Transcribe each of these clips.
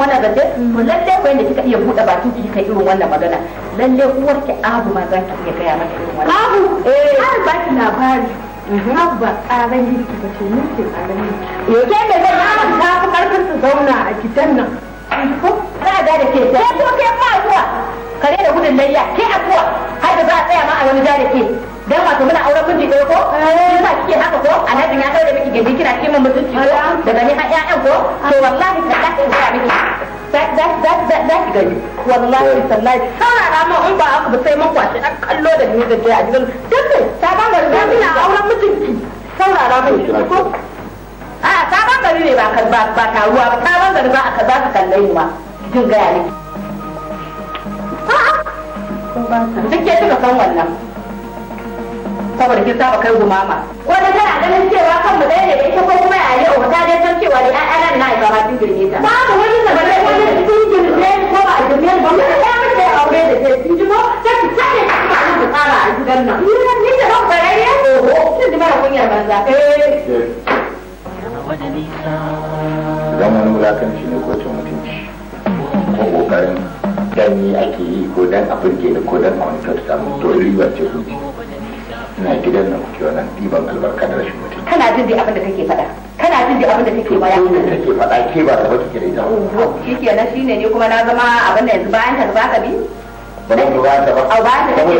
wannan zance to lalle ko yanda kika iya buɗe bakin ki kai irin wannan magana lalle uwar ki abu ma za ki iya kaya mata irin wannan abu eh har ba ki labari mhm. abu ba ƙaran girki ba bace mun ce ƙaran girki yau kai da zan yi ta fi ƙarfin su zauna a gidan nan za a da ke ta ke kuma zuwa kare da gudun layya ke akuwa har da za a tsaya ma a wani da ke dan wato muna auren miji ɗaya ko eh. yasa kike haka ko alhaji kai daure miki gindi kina cikin mun mutunci ko daga ni har ƴaƴan ko to wallahi tallahi in ga miki za ki gani wallahi tallahi eh. saurara ma in ba aka ba sai mun kwashi an kallo da ni da ke a gidan dukkan ta ba gari da kina auren mijinki saurara mai ko a ta ba gari ne ba ba ba taruwa ba ta ba gari ba aka za ka kalle ni ma jin gaya ne a'a duk ke tuka san wannan saboda kin saba kai gumama da tana ganin cewa kan mu dai ne da ita ko kuma ya yi ta dai san cewa da ai nan na ba ma sun girme ta babu wani da bare wani da sun girme ne ko ba girme ba ya mun da aure da ke sun jimo sai ta ne ta ba ta tsara a gidan nan ni nan ni da ban bare ne ko sun mara kunya banza eh wulakanci ne ko cin mutunci ko kokarin dan ake yi ko dan abin ne ko dan a wani kyautata mu to riba ce kuci ina gidan nan kuke wannan diban albarka da rashin mutum kana jin dai abin da kake faɗa kana jin dai abin da kake baya abin da kake faɗa ke ba da wata kire da shi ke na shine ne kuma na zama abin da yanzu bayan ka zaka bi ba ba ba ta ba au ba ta kake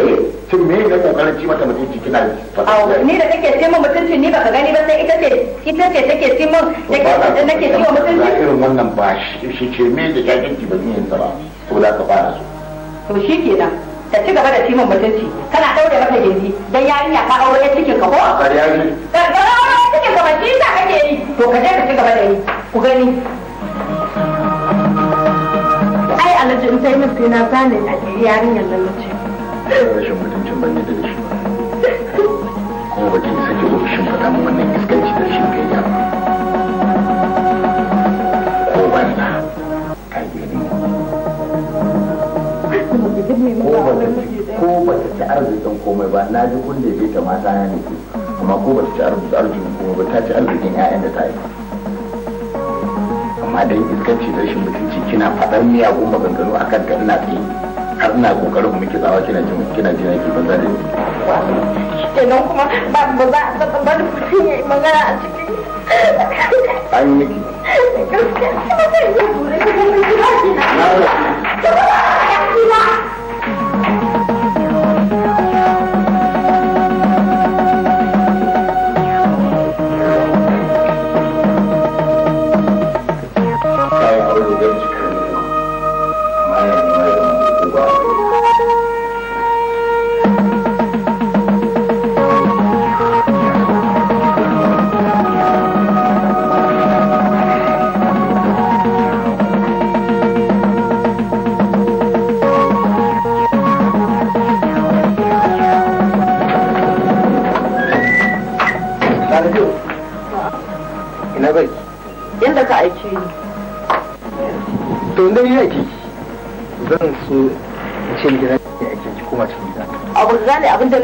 tun me ne kokarin ci mata mutunci kina au ni da kake ce min mutunci ni baka gani ba sai ita ce ita ce take ci min take nake ci wa mutunci irin wannan ba shi ce me da kake jakinki ba ni yanzu ba to da ka fara so to shi kenan ta ci gaba da cimin mutunci kana daure mata gezi dan yarinya ka aure yan cikin ka ko kariya ne ka aure yan cikin ka ba shi ta kake yi to ka je ka ci gaba da yi ku gani ai alhaji in sai min sai na zane a yarinyar nan nace rashin mutuncin ban da shi kuma ba ki sake mun wannan ko ba ta ci arzikin komai ba na ji kun da ta mata ya ne amma ko ba ta ci arzikin komai ba ta ci arzikin 'ya'yan da ta yi amma dai iskanci da rashin mutunci kina faɗar miyagun maganganu a kan ina tsaye har ina kokarin muke tsawa kina jin kina jin yake banza da kenan kuma ba ba za a taɓa ba magana a ciki an yi miki gaskiya ba zai yi dole ba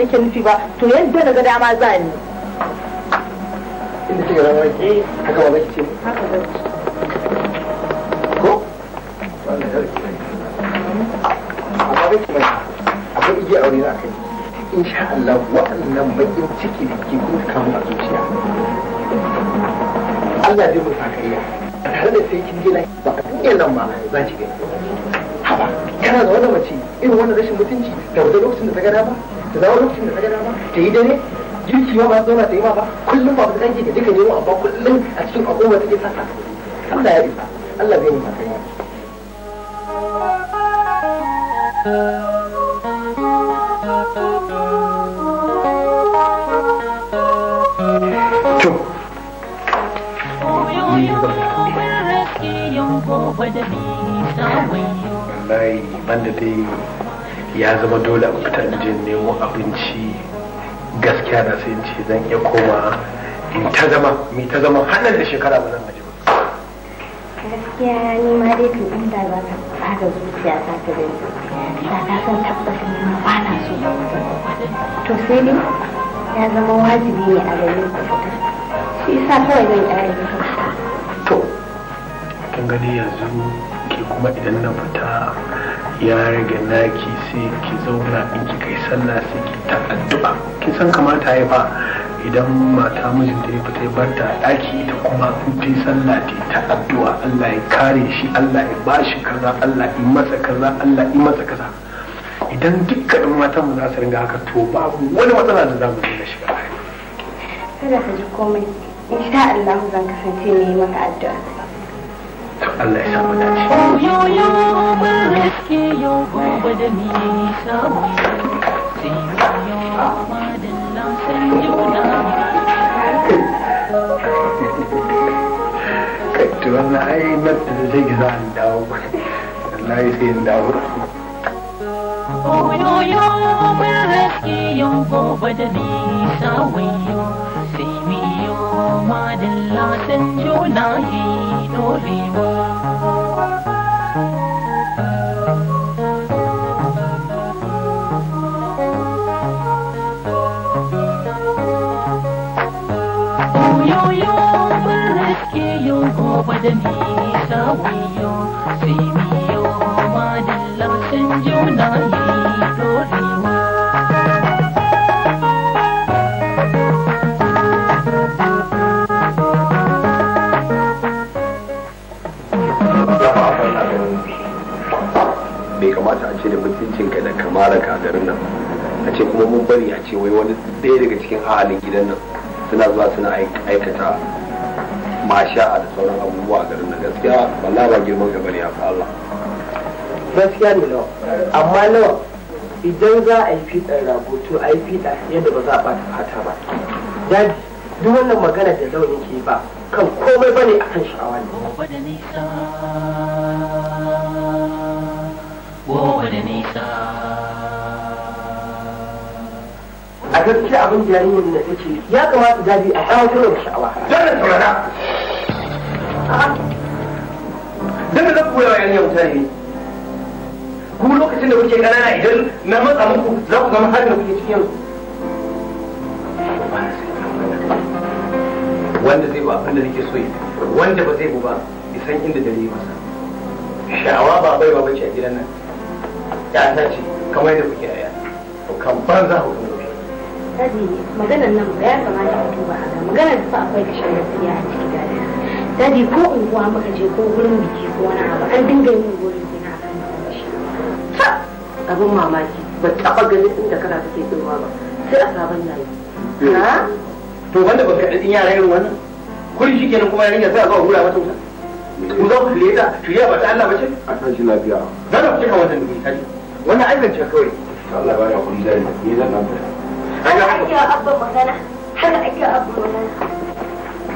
nake nufi ba to yadda na ga dama za ni inda kika rama ki haka ba zaki ce haka zaki ko wannan yarki amma baki mai akwai igiya aure na kai insha Allah waɗannan bakin ciki da ke kuma kamun a zuciya Allah zai mutu kariya tare da sai kin gina ba a duniyar nan ma za ki gani haba kana da wani mace irin wannan rashin mutunci da wata lokacin da ta gada ba ta zama lokacin da ta gada ta yi dare girki ma ba zauna ta yi ma ba kullum ba ta dangi da duka nemo amma kullum a cikin agogo take sata Allah ya isa Allah bai yi maka yi To, ban da dai ya zama dole a fita jin nemo abinci gaskiya na sai ce zan iya koma in ta zama mi ta zama hannun da shekara ba zan gaji ba gaskiya ni ma dai to inda za ta haɗa zuciya ta ta da ta san tabbata ni ma ba na so to sai dai ya zama wajibi ne a gare ku fita shi yasa kawai zan ƙara yi to kin gani yanzu ke kuma idan na fita ya rage naki sai ki zauna in ki kai sallah sai ki ta addu'a kin san kamata ya fa idan mata mijinta ya fita ya bar ta daki ta kuma in ta sallah ta ta addu'a Allah ya kare shi Allah ya bashi kaza Allah ya masa kaza Allah ya masa kaza idan dukkanin matan mu za su ringa haka to babu wani matsala da za mu dinga shiga kada ka ji komai insha Allah zan kasance mai maka addu'a Allah ya samu dace yo yo barake yo gobe da ni samu yo ma dallan san juna to wannan ai yo yo ma gobe da ni ta wiyo sai miyo ma dillar sun juna ne dorewa bai kamata a ce da ka da kamara ka nan a ce kuma mun bari a ce wai wani ɗaya daga cikin ahalin gidan nan suna zuwa suna aikata masha da sauran abubuwa a garin na gaskiya wallahi ba girman ka bane haka Allah gaskiya ne nawa amma nawa idan za a yi fiɗar rago to a yi fiɗa yadda ba za a bata fata ba daji duk wannan magana da launin ke ba kan komai bane akan sha'awa ne a gaskiya abin da yarinyar da take ya kamata daji a shawo da sha'awa jarin saurara dan da ku yawa yanya wuta ne kuma lokacin da kuke kanana idan na matsa muku za ku zama halin da kuke cikin yanzu wanda zai ba abin da nake so yi wanda ba zai bu ba isan inda dare masa shawa ba bai ba bace a gidan nan ya ta ce kamar yadda kuke aya kan ban za ku kuma maganar nan ba ya kamata a duba a ga maganar da fa akwai kashin gaskiya ce dadi ko unguwa muka je ko gurin biki ko wani abu an dinga yin gurin ne a kan shi abin mamaki ba taba ganin inda kana take tsirwa ba sai a sabon yayi eh. to wanda ba ka dadin yara irin wannan kuri shi kenan kuma yarinya sai a zuwa hura mata wuta ku zo ku leta ku shirya ba ta Allah ba ce a san shi lafiya za ka fice wannan dubi kaji wannan ce kawai Allah ba ya kun zai ni zan nan ana haka ake abba magana haka ake abba magana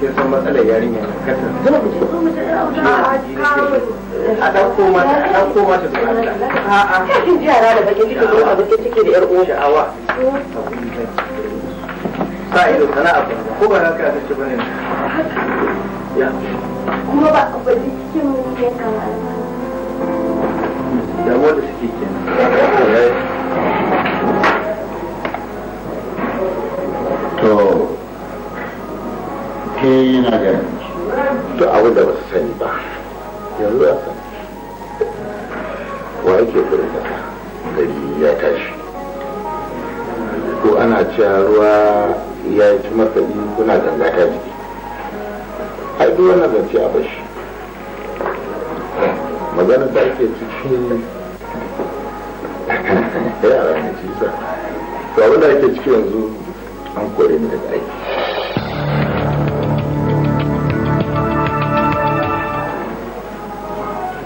kin san matsalar yarinya a ɗauko mata a ɗauko mata da Allah kin ji yara da bakin ciki ko da yar uwa sha'awa sa ido sana'a ba ko ba bane ya kuma ba bari cikin da suke kenan to eh yana gani to abin da ba su sani ba yanzu ya sani wa ake kudin kasa gari ya tashi ko ana cewa ruwa ya yi matsali kuna ganga ta jiki ai duk wannan zance a bashi magana da ke ciki yara ne cisa to abin da ake ciki yanzu an kore ni daga aiki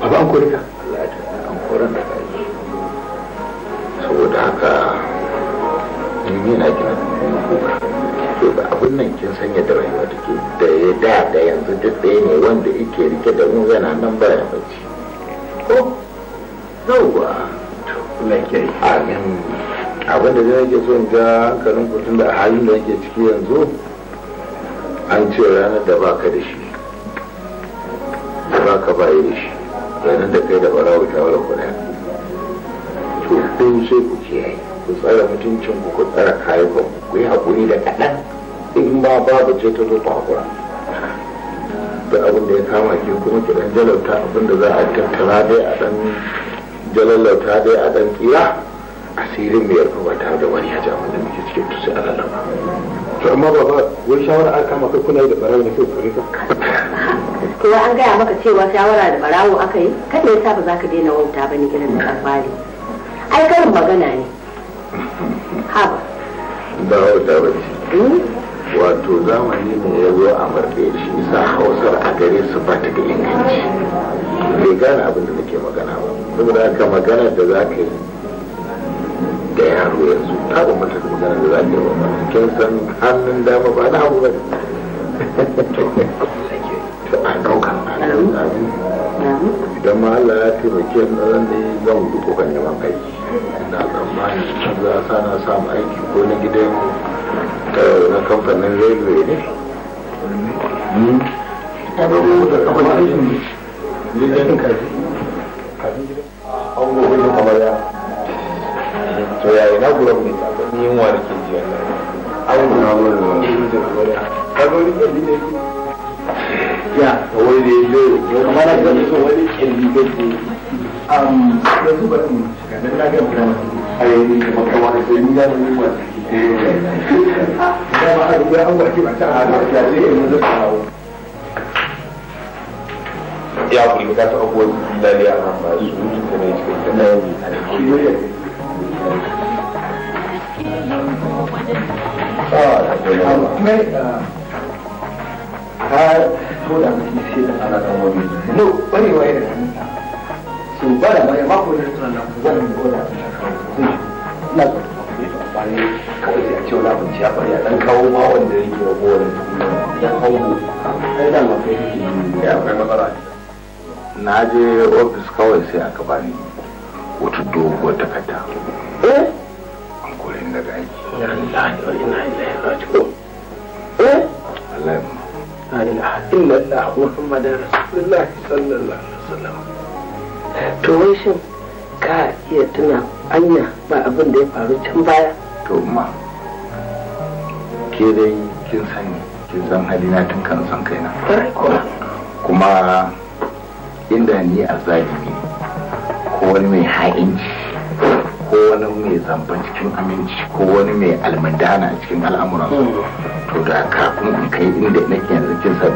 abu an kori ka an koran da kai saboda haka ni na kina to da abin nan kin san yadda rayuwa take da ya da da yanzu duk ɗaya ne wanda yake rike da mu yana nan ya bacci ko yawwa to Allah ya amin abin da zai ke son in ga hankalin kutun da halin da yake ciki yanzu an ce ranar da ba ka da shi da baka bayi da shi ranar da kai da barawa shawarar ku daya to sai sai ku kiyaye ku tsara mutuncin ku ku tsara kayukan ku yi haƙuri da kaɗan in ba babu ce ta zo haƙura da abin da ya kama ke kuma ki ɗan jalauta abin da za a tattara dai a ɗan jalalauta dai a ɗan kira asirin mai yarfa ba tare da wani ya ji abin da muke cikin tusai a lalama to amma ba ba wai shawara aka maka kuna yi da barawa ne kai kare ka to an gaya maka cewa shawara da barawo aka yi kan ya yasa ba za ka daina wauta ba ne irin da karfari ai karin magana ne haba ba wauta ba ce hmm? wato zamani ne ya zo a marɗe shi sa hausar a gare su ba ta da inganci bai gane abin da nake magana ba saboda haka magana da za ka yi da yaro yanzu ta ba mata magana da za ka yi ba kin san hannun dama ba na abu ba ne a ɗauka idan ma Allah ya taimake ni ɗan ne zan yi kokarin neman aiki ina tsammanin za a na samu aiki ko na gidan eh, na kamfanin railway ne to yayi na gura mu ni yin wa ya wani ne ne kamar da ga so wani ko ko am da su ba mu da ga ga kuma ai ni kamar kamar da sai ni ga ni ba eh da ba a ga an ba ki ba a ha da ya ce mu da kawo ya kuri ba ta abuwa lalle a nan ba su mutum da mai cikin da nan ne Ah, uh, that's yi har to da mutum sai da ana da wani no barewa yana hannunta so ba da bayan mako da restaurant na kuma zan ko da ina so amfani kawai sai a ce wani abinci ya bari a dan kawo ma wanda yake wa kowane ya kawo sai da mafi ya akwai matsala na je ofis kawai sai aka bani wata doguwar takarda eh an kore ni daga aiki ya ya eh? Allah ya لا إله إلا الله محمد رسول الله صلى الله to ka iya tuna anya ba abin da ya faru can baya to ma ke dai kin sani kin san halina tun kan san kaina kuma inda ni a zalimi ko wani mai ha'inci ko wani mai zamba cikin aminci ko wani mai almandana cikin al'amuran to da kafin in kai inda nake yanzu kinsa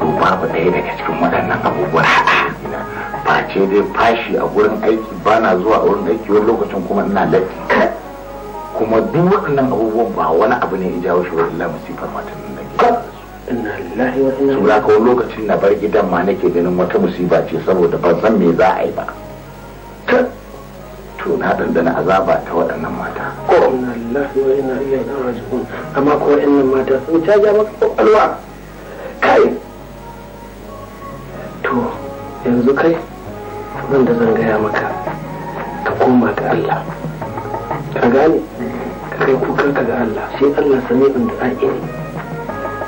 to babu ɗaya daga cikin waɗannan abubuwan haɗa ce dai fashi a wurin aiki ba na zuwa a wurin aiki wani lokacin kuma ina latti kuma duk waɗannan abubuwan ba wani abu ne ya jawo shi wani lamusifar matan da ke sura kawo lokacin na bar gidan ma nake ganin wata musiba ce saboda ban san me za a yi ba to na dandana azaba ta waɗannan mata ko inna lillahi wa inna ilaihi raji'un amma ko waɗannan mata sun caja maka kwakwalwa kai to yanzu kai abin da zan gaya maka ka koma ga Allah ka gane ka kai kukan ka ga Allah shi Allah sami'un da ake ne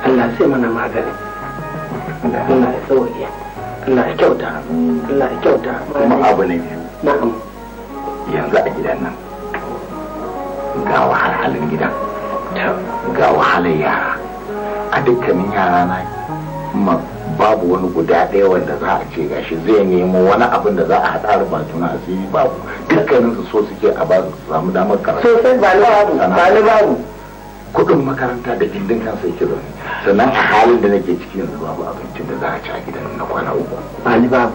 Allah sai mana magani Allah ya sauke Allah ya kyauta Allah ya kyauta kuma abu ne na'am yanzu a gidan nan ga wahalhalin gidan ga wahalar yara a dukkanin yara na babu wani guda ɗaya wanda za a ce gashi zai nemo wani abin da za a haɗa rubatu na asiri babu dukkanin su so suke a ba su samu damar karatu sosai ba ni babu ba ni babu kuɗin makaranta da gindin sai yake zaune sannan a halin da nake ciki yanzu babu abincin da za a ci a gidan na kwana uku ba ni babu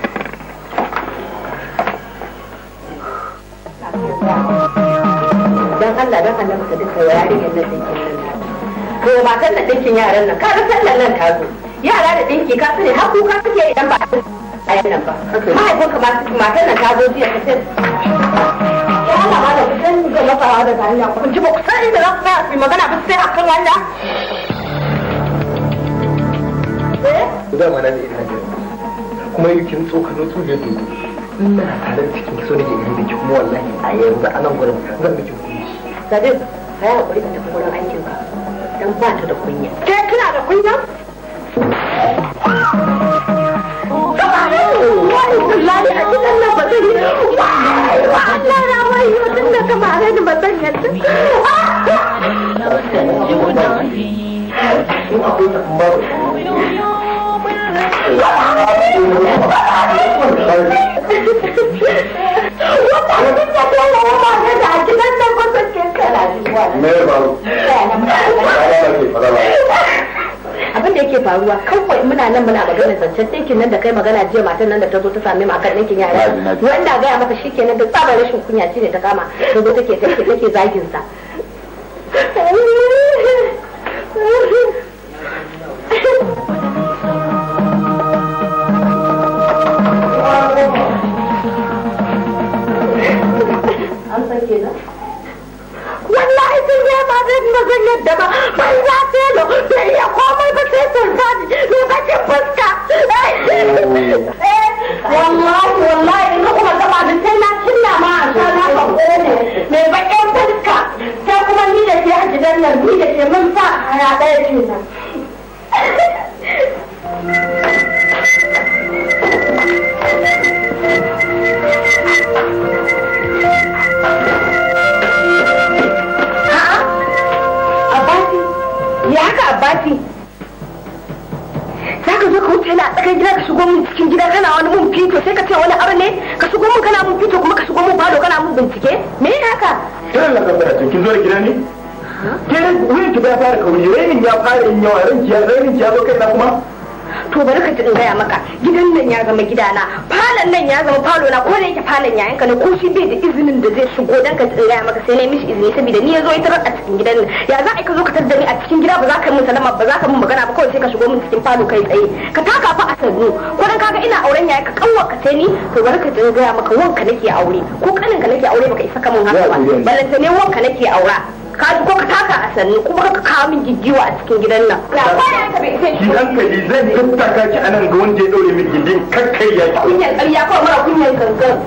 Allah don annabi ka duka yarinyar nan dinkin nan to matan nan dinkin yaran nan kaga sallan nan ta zo yara da dinki ka sani har kuka suke idan ba a yi nan ba mahaifinka matan nan ta zo jiya ka ce ya Allah ma da kusan ga mafawa da zaniya kun ji ba kusan inda za ku tsaya su magana ba sai akan wanda eh? zama na ne ina kuma yi kin tsokano tsoje dubu ina tare da cikin so da ki kuma wallahi a yanzu a nan gurin zan miki Sadiq, ka yi haƙuri ka tafi wurin aikinka don ba ta da kunya. Ke kina da kunya? Wallahi a cikin nan ba zan yi ba. Allah na wayo tun da ka mare ni ba zan yanzu. Yau da jiwo da wani. da abin da yake faruwa kawai muna nan muna magana zancen ɗinkin nan da kai magana jiya matan nan da ta zo ta sami mu akan ɗinkin yara wanda gaya maka shikenan da tsabar rashin kunya ce ne ta kama ta zo take take zagin sa rana ɗaya kenan ya haka abbasi za ka zo ka wuce na tsakar gida ka shigo mun cikin gida kana wani mun fito sai ka ce wani aro ne ka shigo min kana mun fito kuma ka shigo min bado kana mun bincike me haka kira irin na tabbata kin zo da gida ne ke wurin ki ba fara kauri rainin ya fara yin yawa ranki ya rainin ya zo kaina kuma to bari ka ji in gaya maka gidan nan ya zama gidana falon nan ya zama falo na ko ne yake falon yayan ka ne ko shi bai da izinin da zai shigo dan ka ji in gaya maka sai na mishi izini saboda ni yazo ita a cikin gidan nan ya za a ka zo ka tarda ni a cikin gida ba za ka mun salama ba za ka min magana ba kawai sai ka shigo min cikin falo kai tsaye ka taka fa a sannu ko dan kaga ina auren yayan ka kawwa ka sai ni to bari ka ji in gaya maka wanka nake aure ko kanin ka nake aure baka isa ka haka ba ballanta ne wanka nake aura ka ko ka taka a sannu kuma ka kawo min giddiwa a cikin gidan nan ya kwana ka bai sai ki hankali zan tattaka ki anan ga wanda ya daure min gindin ka yi ki kunyan ƙarya kawai mara kunyan kankan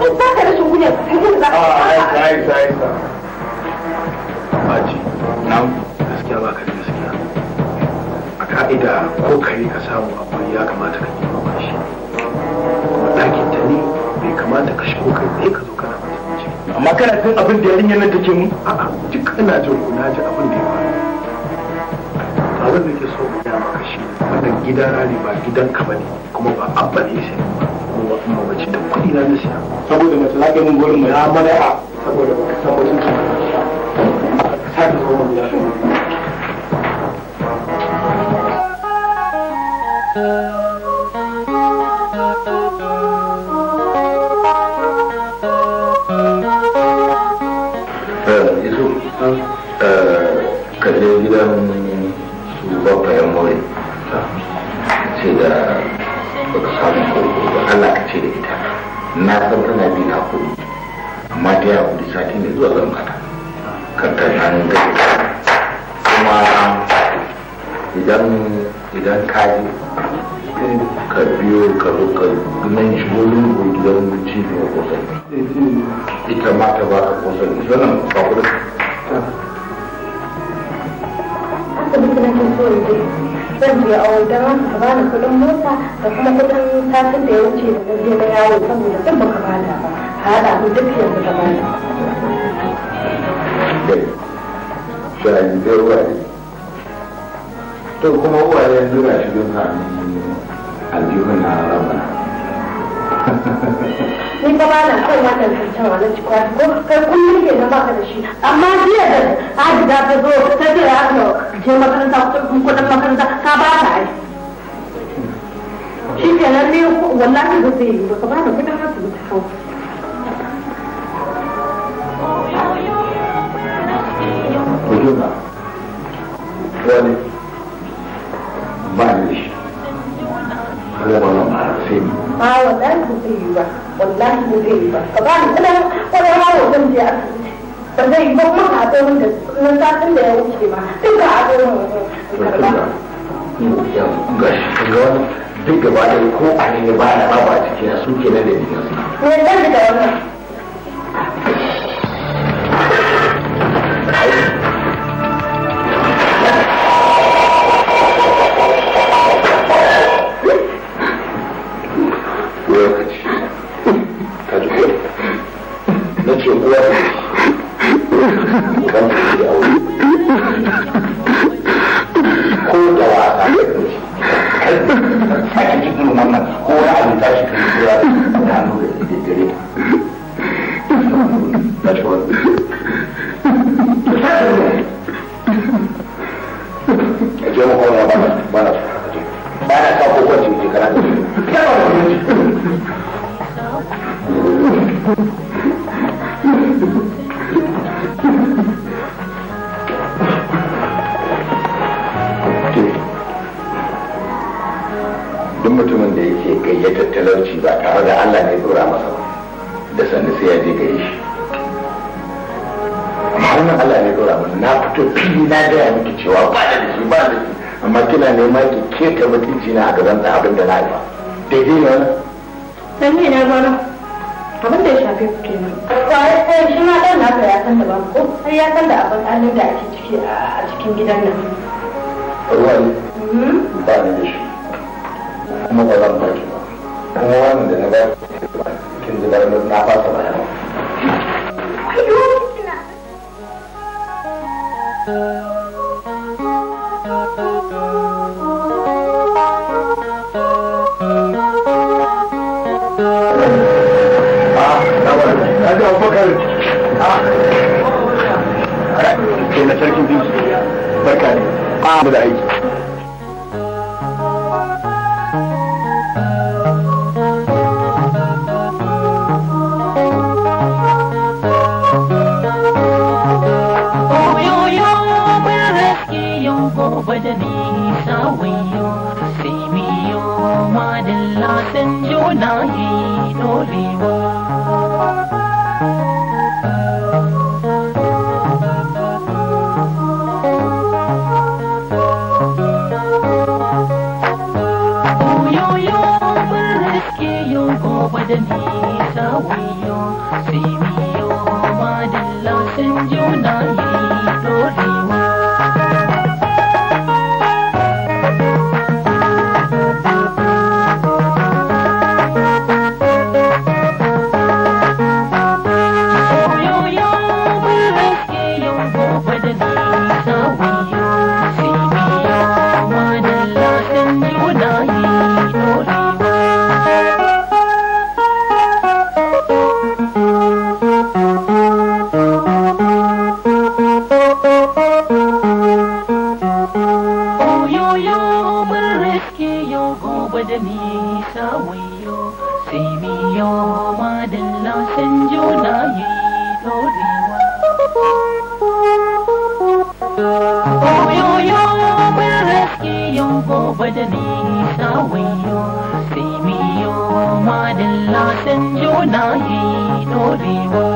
in ba ka rashin kunyan kankan za ka a ah, ai ai ai Baji, na gaskiya ba ka gaskiya. A ka'ida ko kare ka samu akwai ya kamata ka yi mamashi. Kuma ɗakin ta ne bai kamata ka shigo kai ne ka zo kana amma kana jin abin da yarinyar nan take mu a'a duk ina jin ku na ji abin da ya faru abin da ke so mu ya maka shi wannan gida rari ba gidan ka bane kuma ba abba ne shi kuma kuma bace da kudi na nasiya saboda mace za mun gurin mai amana a saboda baka san mutunci ba ka sa ka zo mu da shi Eh, ka je gidan su babba yan more ce da baka samu kurku ba Allah ka ce da ita na san tana bi na kuri amma ta kuri sati ne zuwa zan mata kan ta nan gari kuma idan idan ka yi ka biyo ka zo ka nan shi wurin gidan cibiyar ita ma ta ba ka kusan wannan ba asibiti na so in je zan a wajen haka ka bani kuɗin mota da kuma kuɗin satin da ya wuce da na je na yawo saboda duk baka da ba ka haɗa mu duk yanzu ka da Shayi zai waye. To kuma uwaye yanzu ga shi duk hannun aljihun na ni ba ba na kan wannan cutar wannan cikwa ko kai kullum ke nan baka da shi amma jiya da Hadiza ta zo ta ce ya ka je makaranta kuɗin kuɗin makaranta ka ba ta ai shi kenan ne wallahi ba zai yi ba ka ba da kuɗin asibiti kawai hujuma wani ba ne shi kuma ba na ba sai mu ba zai yi ba wallahi ba zai yi ba ka ba ni kuma kwararwa wa zan je asibiti ba zai yi ba kuma ka haɗo min da na satin da ya wuce ma duk ka haɗo min karɓa. duk gaba da ko a ne ba na ba cikin su ke nan da jikin su. Me zan da wannan? na ce uwa kan ko da wasa a cikin wannan ko tashi kan da hannu da na a ce bana bana bana sa ko kwanci kana da shi duk mutumin da yake gayyatar talauci ba tare da Allah ne dora masa ba da sannu sai ya je gare shi amma Allah ne dora masa na fito fili na gaya miki cewa ba da shi ba da shi amma kina nema ki keta mutunci na a gaban abin da na haifa daidai ne wannan dan ne na gona abin da ya shafe ku ke nan sai shi ma dan naka ya san da ba ko har ya san da abin halin da ake ciki a cikin gidan nan wallahi hmm? ba ni da shi kuma ba zan baki ba kuma wannan da na ba kin ji ba na ta ba Thank you. Hadi Abubakar. Ke na sarkin biyu. Barka ne. Abu da aiki. Gobe da nisa wayo, sai miyo ma da lasan juna yi dorewa. da ni sauƙi see me. na wayo sai miyo madalla lasin juna yi dorewa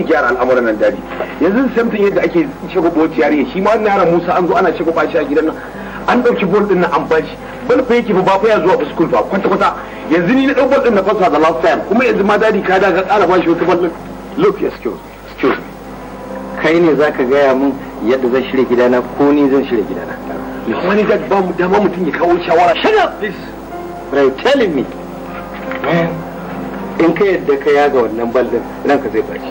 mu gyara al'amuran nan dadi yanzu samtin yadda ake shigo bot yare shi ma wannan yaran Musa an zo ana shigo bashi a gidan nan an dauki bol din nan an bashi bal fa yake ba fa ya zuwa school fa kwata kwata yanzu ni na dau bol din na fasa da last time kuma yanzu ma dadi ka da ka kara bashi wata bol din look excuse excuse kai ne zaka gaya mun yadda zan shirya gidana ko ni zan shirya gidana wani da ba mu dama mutum ya kawo shawara shut up please you telling me in ka yadda ka yaga wannan baldin ranka zai baci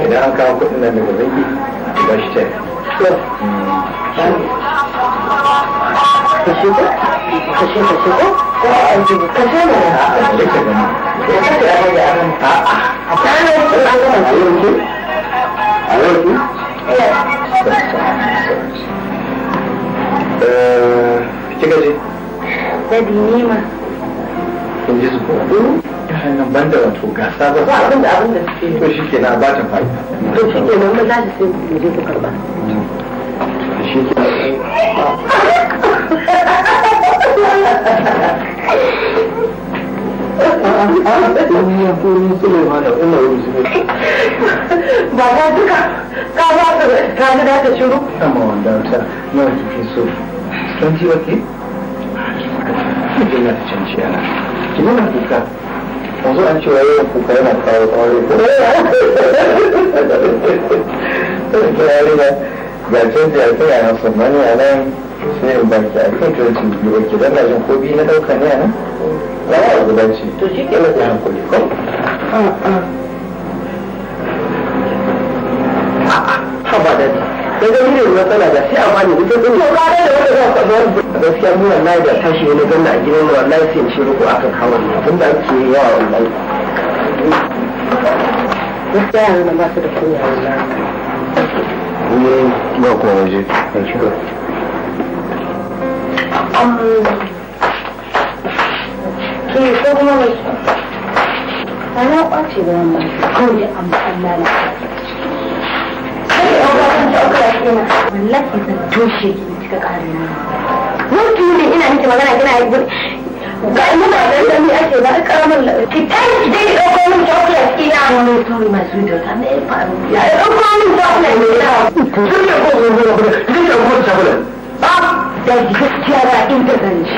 idan an kawo kuɗin nan daga banki ba shi ce, eh. eh, Kika ji? Da dinima. Kin ji su kuma? nan ban da wato gasa ba ba abin da abin da suke to shi ke na ba ta faɗi to shi ke nan za su sai ku je ku karɓa shi ke ba ta duka ka ba ka ka ga da ta shiru amma wanda ta nawa kike so 20 okay ina da canciya na ki nuna kuka yanzu an kai a nan sun mani a nan sai baki a kan ko biyu na ɗauka ne ah, ah. da ka ga mire matsala da sai amma ne duk sun ka da wanda za ka ga gaskiya mu wallahi da tashi ne ganna a gidan mu wallahi sai in shi ruku akan kawai ne da ake yawa wallahi gaskiya ba su da kunya wallahi ba ko waje ko kuma mai ana kwace da wannan kawai an Allah na wallahi zan toshe ki ne kika kare ni mutu ne ina miki magana kina yi ga mu ba dan dan ake ba karamar ki tayi ki dai dauko min chocolate ina mun sorry my sweet daughter me ya dauko min chocolate ne da tun da ko ko ko ko ki da ko chocolate ba da gaskiya da inda zan ci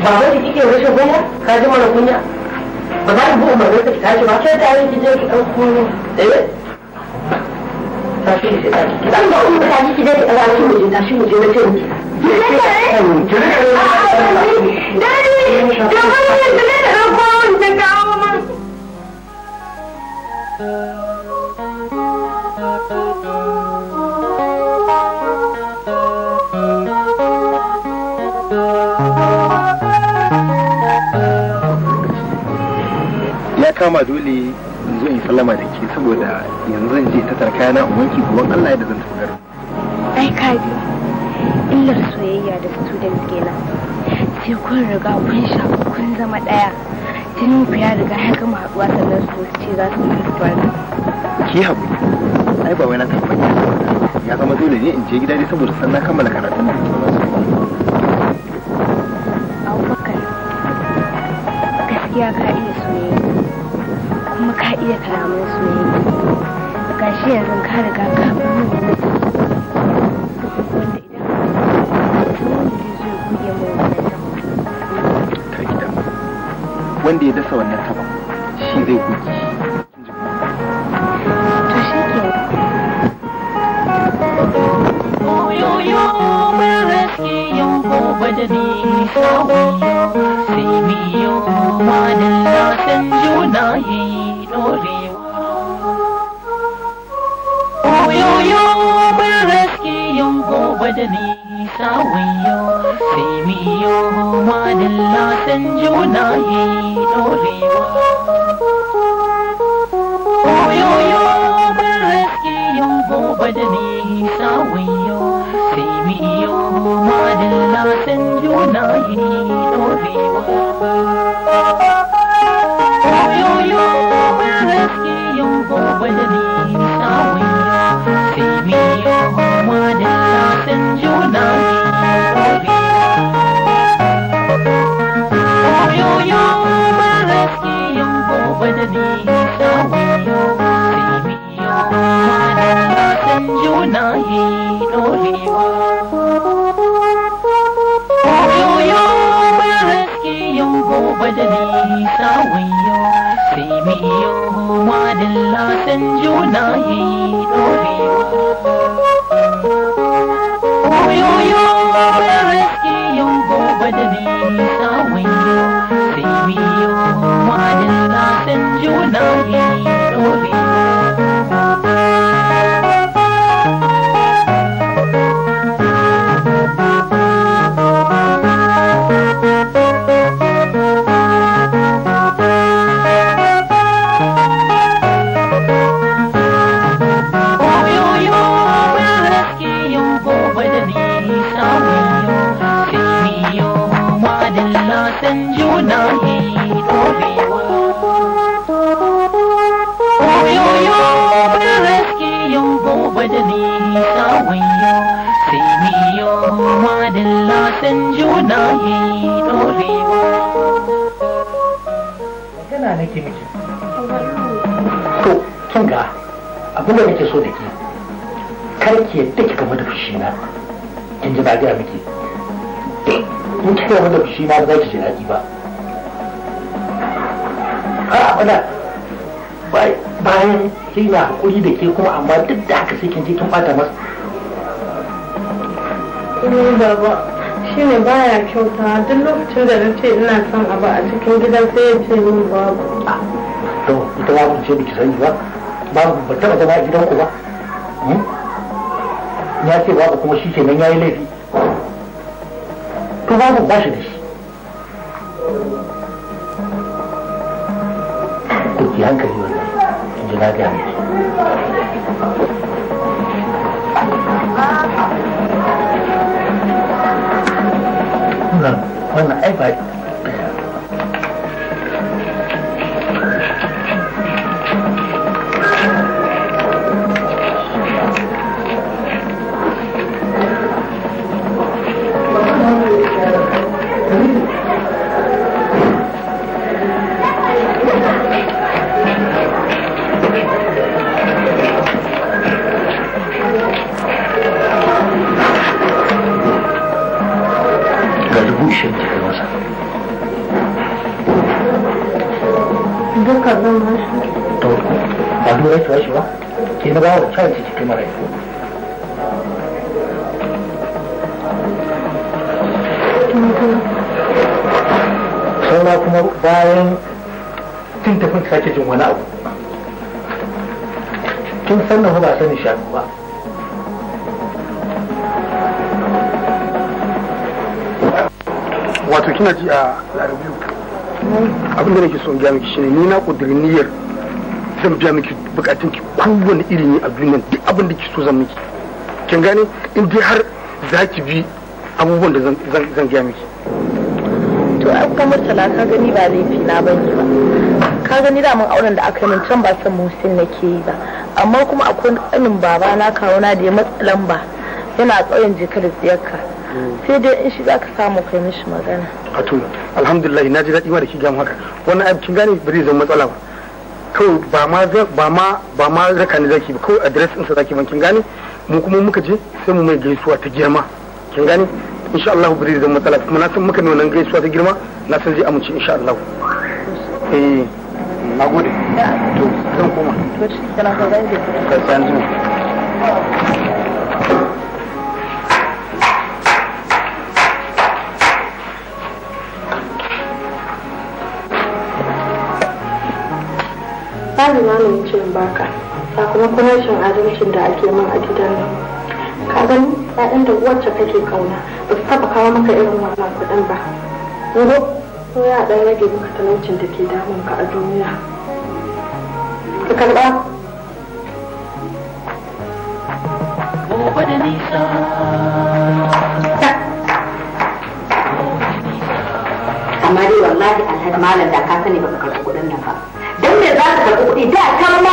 baba da kike rashin gona ka ji mana kunya ba za ki bu umarni ka tashi ba Ke ta ki je ki dauko eh dan ba da ra ki na da da na kama dole zo in sallama da ke saboda yanzu je ta tarka na wanki gaban Allah da zan tafi Ai kaji illar soyayya da student kenan. Sai kun riga kun sha kun zama ɗaya. Jini ku ya riga ya gama haɗuwa sannan su ce za su yi tuwarka. Ki haɓu, Ai ba wai na ba. Ya zama dole ne in je gida ne saboda sannan kammala karatun da Abubakar gaskiya ka iya 太激动了。Wendy 这时候你咋办？细节估计。da nisa wayo sai miyo madalla san juna yi dorewa oyoyo ban raske yin gobe da nisa sai miyo madalla san juna yi dorewa 那一朵云。abinda da so da ke kar ki yadda ki gama da fushi na kin ji na gaya miki in ki gama da fushi na ba za ki ji daɗi ba a abada bayan sai na haƙuri da ke kuma amma duk da haka sai kin je kin ɓata masa shi ne baya kyauta duk lokacin da na ce ina son abu a cikin gidan sai ya ce min babu. Ah, to ita ba mun ce biki sani ba babu ba taba zama a gidanku ba hmm? ya ce babu kuma shi kenan ya yi laifi to babu ba shi da shi to ki hankali wannan in ji na gaya miki wannan wannan ai ba to ba dole ta shi ba ke na ba wa can ciki kai mara saura kuma bayan cin tafin sake jin wani abu kin san na ba sani shafi ba wato kina ji a larabiyu abin da nake son gaya miki shine ni na kudirin niyyar zan biya miki bukatun ki kowane iri ne a duniya duk abin da ki so zan miki kin gane in dai har za ki bi abubuwan da zan gaya miki to ai ko mutala ka gani ba laifi na bane ba ka gani mun auren da aka yi min can ba san musin nake yi ba amma kuma akwai ɗanin baba na kawo na da ya matsa lamba yana tsoyin jikar ziyarka sai dai in shi za ka samu kai mishi magana a to alhamdulillah na ji daɗi ma da ki gama haka wannan abu kin gane ba zai zama matsala ba kawai ba ma ba ma ba ma raka ne zaki ba kawai address ɗinsa zaki ban kin gane mu kuma muka je sai mu mai gaisuwa ta girma kin gane insha Allah ba zai zama matsala kuma na san muka ne wannan gaisuwa ta girma na san zai amince insha Allah eh na gode to zan koma to shi kana ka zai ka san labari na mai baka sakamakon rashin adalcin da ake min a gidan nan ka gani ƴaƴan da wacce kake kauna ba su taɓa kawo maka irin wannan kuɗin ba ngo ko ya ɗan rage maka talaucin da ke damun ka a duniya ka karɓa gobe da nisa amma dai wallahi alhaji malam da ka sani baka karɓi kuɗin nan ba ne za ta karɓi kuɗi da can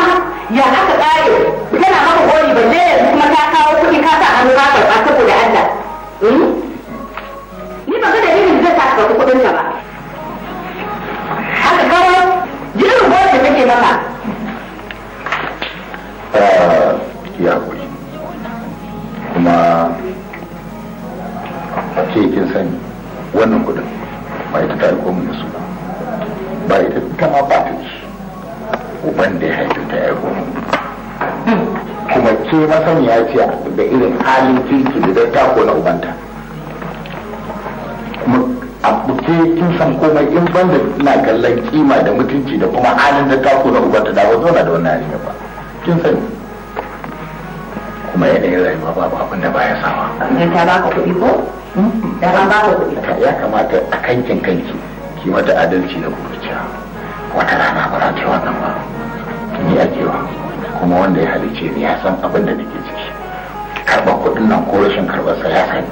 ya haka ƙare yana maka gori balle yanzu kuma ta kawo kuɗi ka sa hannu ka karɓa saboda Allah hmm? ni ba ga dalilin zai sa karɓi kuɗin ba haka jirin take maka ah, ya a ce kin sani wannan kuɗin ba ita ta su ba ita ta ba uban da ya haifi ta ya gomu hmm. kuma ke masaniya ce da irin halin kirki da ta ko na ubanta ke kin san komai in ban da kallon kima da mutunci da kuma halin da ta ko na ubanta da ba na da wannan halin ba kin sani kuma yanayin rayuwa babu abin da ta kuɗi ko? Hmm. ba ya kuɗi. Ya kamata a kankin kanki ki mata adalci da cewa Wata rana ba za ta yi wannan ba. ba kuma wanda ya halice ni ya san abin da nake ciki karɓar kuɗin nan ko rashin karɓarsa ya san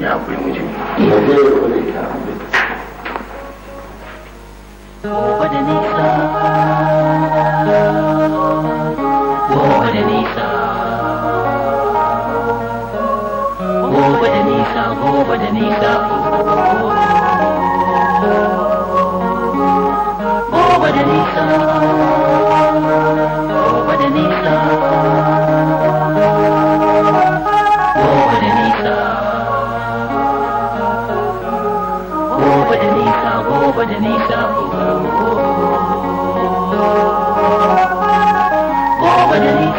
ya haƙuri mijin ya zai yi wani ita Oh, what a nice song. Oh, what a nice song. da nisa, gobe da nisa.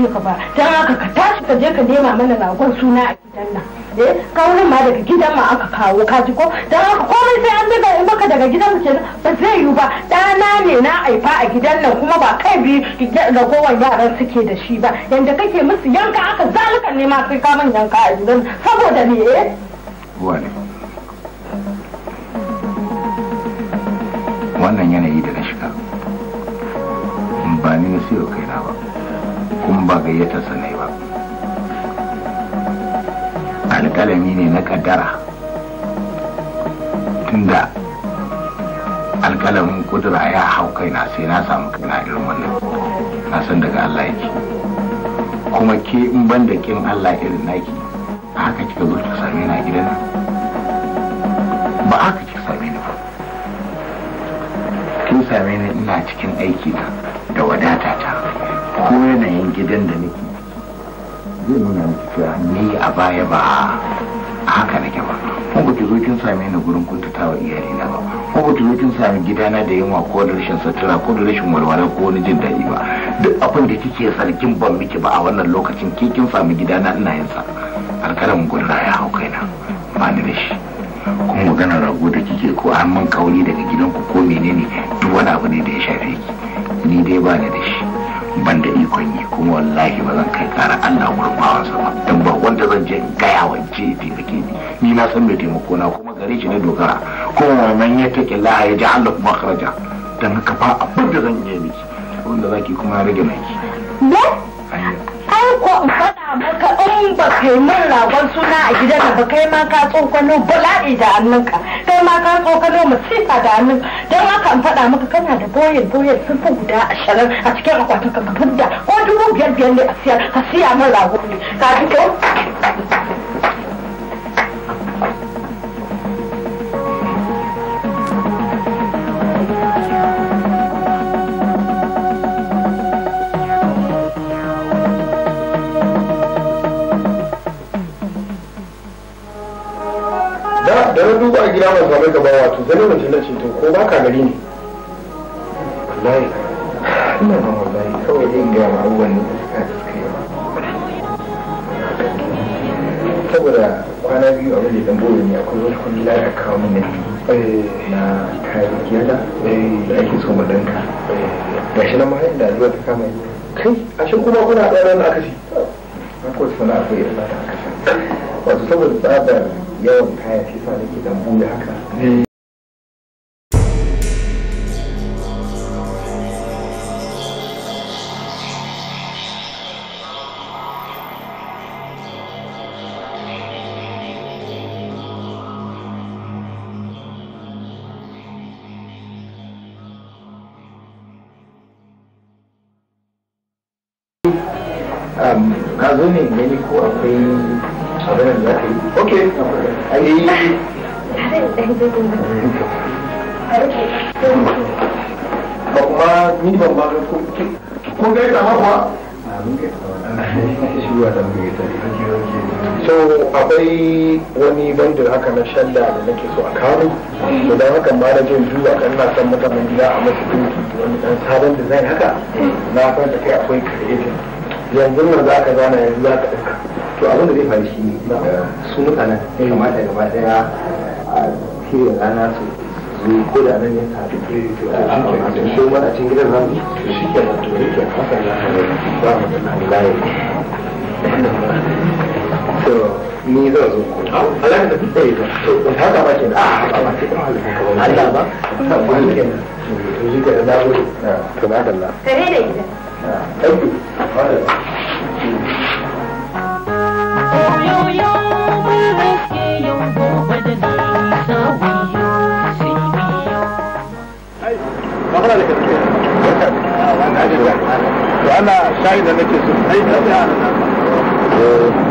cuce ka ba don haka ka tashi ka je ka nema mana ragon suna a gidan nan eh kaurin ma daga gidan ma aka kawo ka ji ko don haka komai sai an daga in baka daga gidan ce ba zai yiwu ba ɗana ne na aifa a gidan nan kuma ba kai bi ragowar yaran suke da shi ba yanda kake musu yanka aka zalikan ne ma sai ka man yanka a gidan saboda me eh don Allah irin naki ba haka kika zo kika same na gidan ba haka kika same ni ba kin same ni ina cikin aiki na da wadata ta ko yanayin gidan da nake zai nuna miki cewa ni a baya ba baki zo kin same ni gurin kuntatawa na ba ko baki zo kin same gidana da yunwa ko da rashin satura ko da rashin walwala ko wani jin daɗi ba duk abin da kike sarkin ban miki ba a wannan lokacin ke kin gida gidana ina yin sa alkaran gurra ya hau kaina ba ni da shi kuma maganar rago da kike ko man kauri daga gidanku ko menene duk wani abu ne da ya shafe ki ni dai ba ni da shi ban da ikon yi kuma wallahi ba zan kai kara Allah wurin bawansa ba dan ba wanda zan je gaya wa je taimake ni ni na san mai taimako na kuma gare shi na dogara kuma wannan ya take Allah ya ji Allah kuma kharaja dan haka ba abin da zan yi miki wanda zaki kuma rage miki Ba? ai ko faɗa in ba kai min ragon suna a gidan ba kai ma ka tsokano bala'i da hannunka kai ma ka tsokano masifa da hannun don haka in faɗa maka kana da boyen boyen sun fi guda ashirin a cikin akwatin ka ka ko dubu biyar biyar ne a siya ka siya min rago ne ka ji ko gida ba same ka ba wato ganin mace na ce to ko ba ka gari ne wallahi ina ba wallahi kawai zai gaya ma abubuwan da suka da suka yi ba saboda kwana biyu abin da tambo ne akwai wasu kuɗi da aka kawo min na eh. kayan kiyata eh. da ake so mu danka eh. shi na mahayin da zuwa ta kama kai a shi kuma kuna ɗaya ran a akwai suna ko irin na ta akasi wato saboda tsabar yawan kaya shi da nake dan buya haka haka na shalla da nake so a kawo to don haka ma na jin duba kan na san mutanen gida a masu dinki wani dan sabon da zai haka na san da kai akwai creative yanzu nan za ka zana yanzu za ka to abin da zai faru shi ne su mutanen kamata gaba daya a shirya rana su zo ko da nan ya tafi to shi ma a cikin gidan zamu to shi ke nan to yake hakan ya ba mu da layi to ni zan zo Allah da kuka yi to ah, ke a haka ba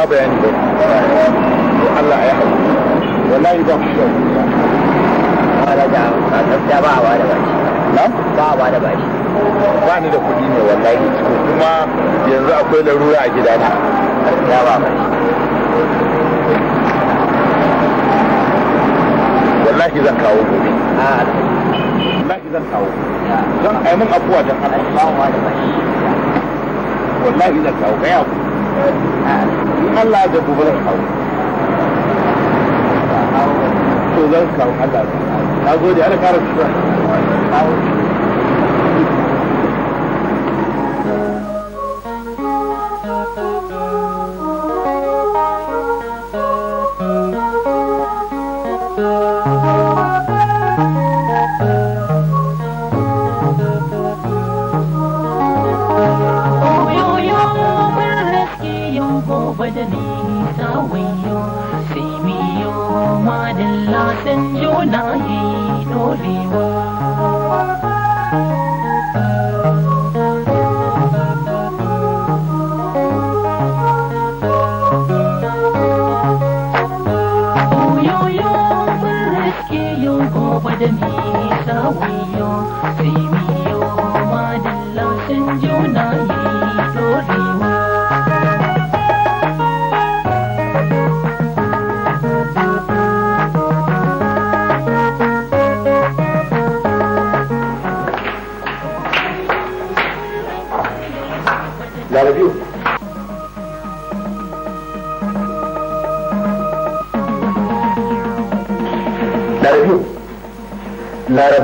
ba bayani ba Allah ya haɗu wallahi ba ku a da bashi a wallahi zan kawo gobe wallahi zan kawo don afuwa don wallahi zan kawo kai abu in Allah da gobe zan kawo to zan kawo Allah na gode ana kara shi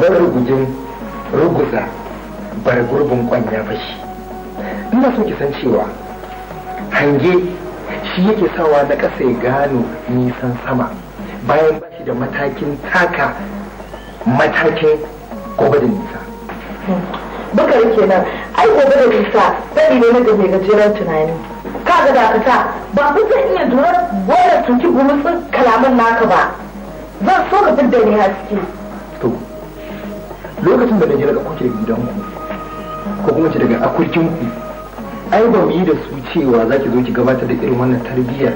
baban rugujin ruguza bar gurbin kwanya ba shi ina so ki san cewa hange shi yake sawa na ƙasa ya gano nisan sama bayan ba shi da matakin taka matakin gobe da nisa bakar kenan ai gobe da nisa tsari ne na da mai gajeren tunani kaga dakata ba ku zan iya durar gwanar tunki gurusin kalaman naka ba zan so ka fidda ni haske lokacin da na je daga kuke gidan ku ko kuma ce daga akurkin ku ai ba mu yi da su cewa za ki zo ki gabatar da irin wannan tarbiyyar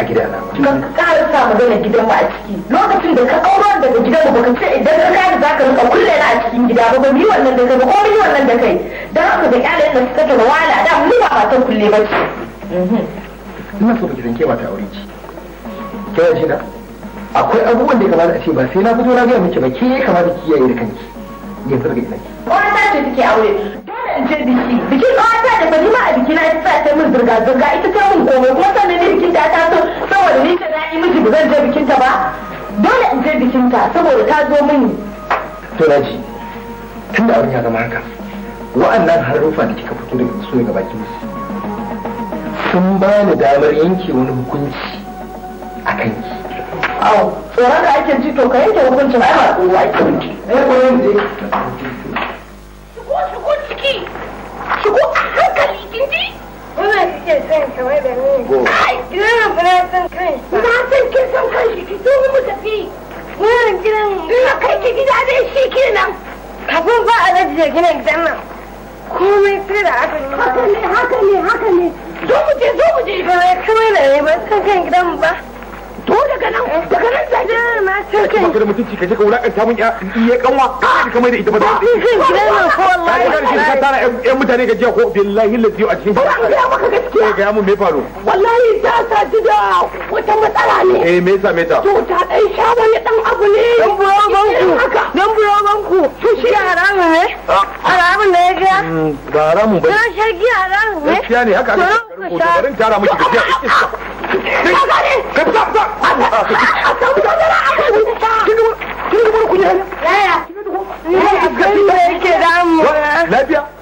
a na ba. Ka sa magana gidan mu a ciki lokacin da ka auro daga gidan mu baka ce idan ka kare za ka rika kulle na a cikin gida ba ba mu yi wannan da kai ba ko mu yi wannan da kai dan haka da iyalai da suka ta wala da mu ba matan kulle ba ce. Mhm. Ina so ki zanke ba ta aure ki. Kira ji da akwai abubuwan da ya kamata a ce ba sai na fito na gaya miki ba ke kamata ki yayi da kanki. je furga ki ƙwarata ce take aure dole in je biki biki ƙwarata da fadima a biki na ta ta min zurga zurga ita ta min komai kuma sannan ne bikin ta taso saboda ni ta yi miji ba zan je bikin ta ba dole in je bikin ta saboda ta zo mini to naji tun da abin ya zama haka wa'annan harufa da kika fito daga so daga bakin su sun bani damar yanke wani hukunci a kanki awo tsoron da ake ji to ka yanke hukuncin ai ba tsoro ake ji eh ko yin je shigo shigo ciki shigo a hankali kin ji wannan kike son kamar da ni ai gidan ba na san kai na san kin san kai ki to mu tafi wannan gidan ina kai ki gida da shi kenan kafin ba a da gina gidan nan komai sai da aka yi haka ne haka ne haka ne zo mu je zo mu je ba kai na ne ba kan gidan mu ba to daga nan daga nan sai na mutunci kaje ka wulakanta mun ya iya kanwa ka ka mai da ita ba da shi gidan nan ko wallahi ka shi ka tara ƴan mutane ka jiya ko billahi lazi a cikin ba ga maka gaskiya ga mu me faru wallahi ta sa ji da wata matsala ne eh me yasa me ta to ta dai sha wani dan abu ne dan buron banku dan buron banku shi shi haramun ne n'a ne ya biya? Mm, ba haramun ba. Kiran shargi haramun ne? ne haka aka ko da tara miki Ka fita fita. A samu da a kan fita. Kin ga kin ga Yaya? Yaya? Yaya? Yaya? Yaya? Yaya? Yaya? Yaya? Yaya? Yaya?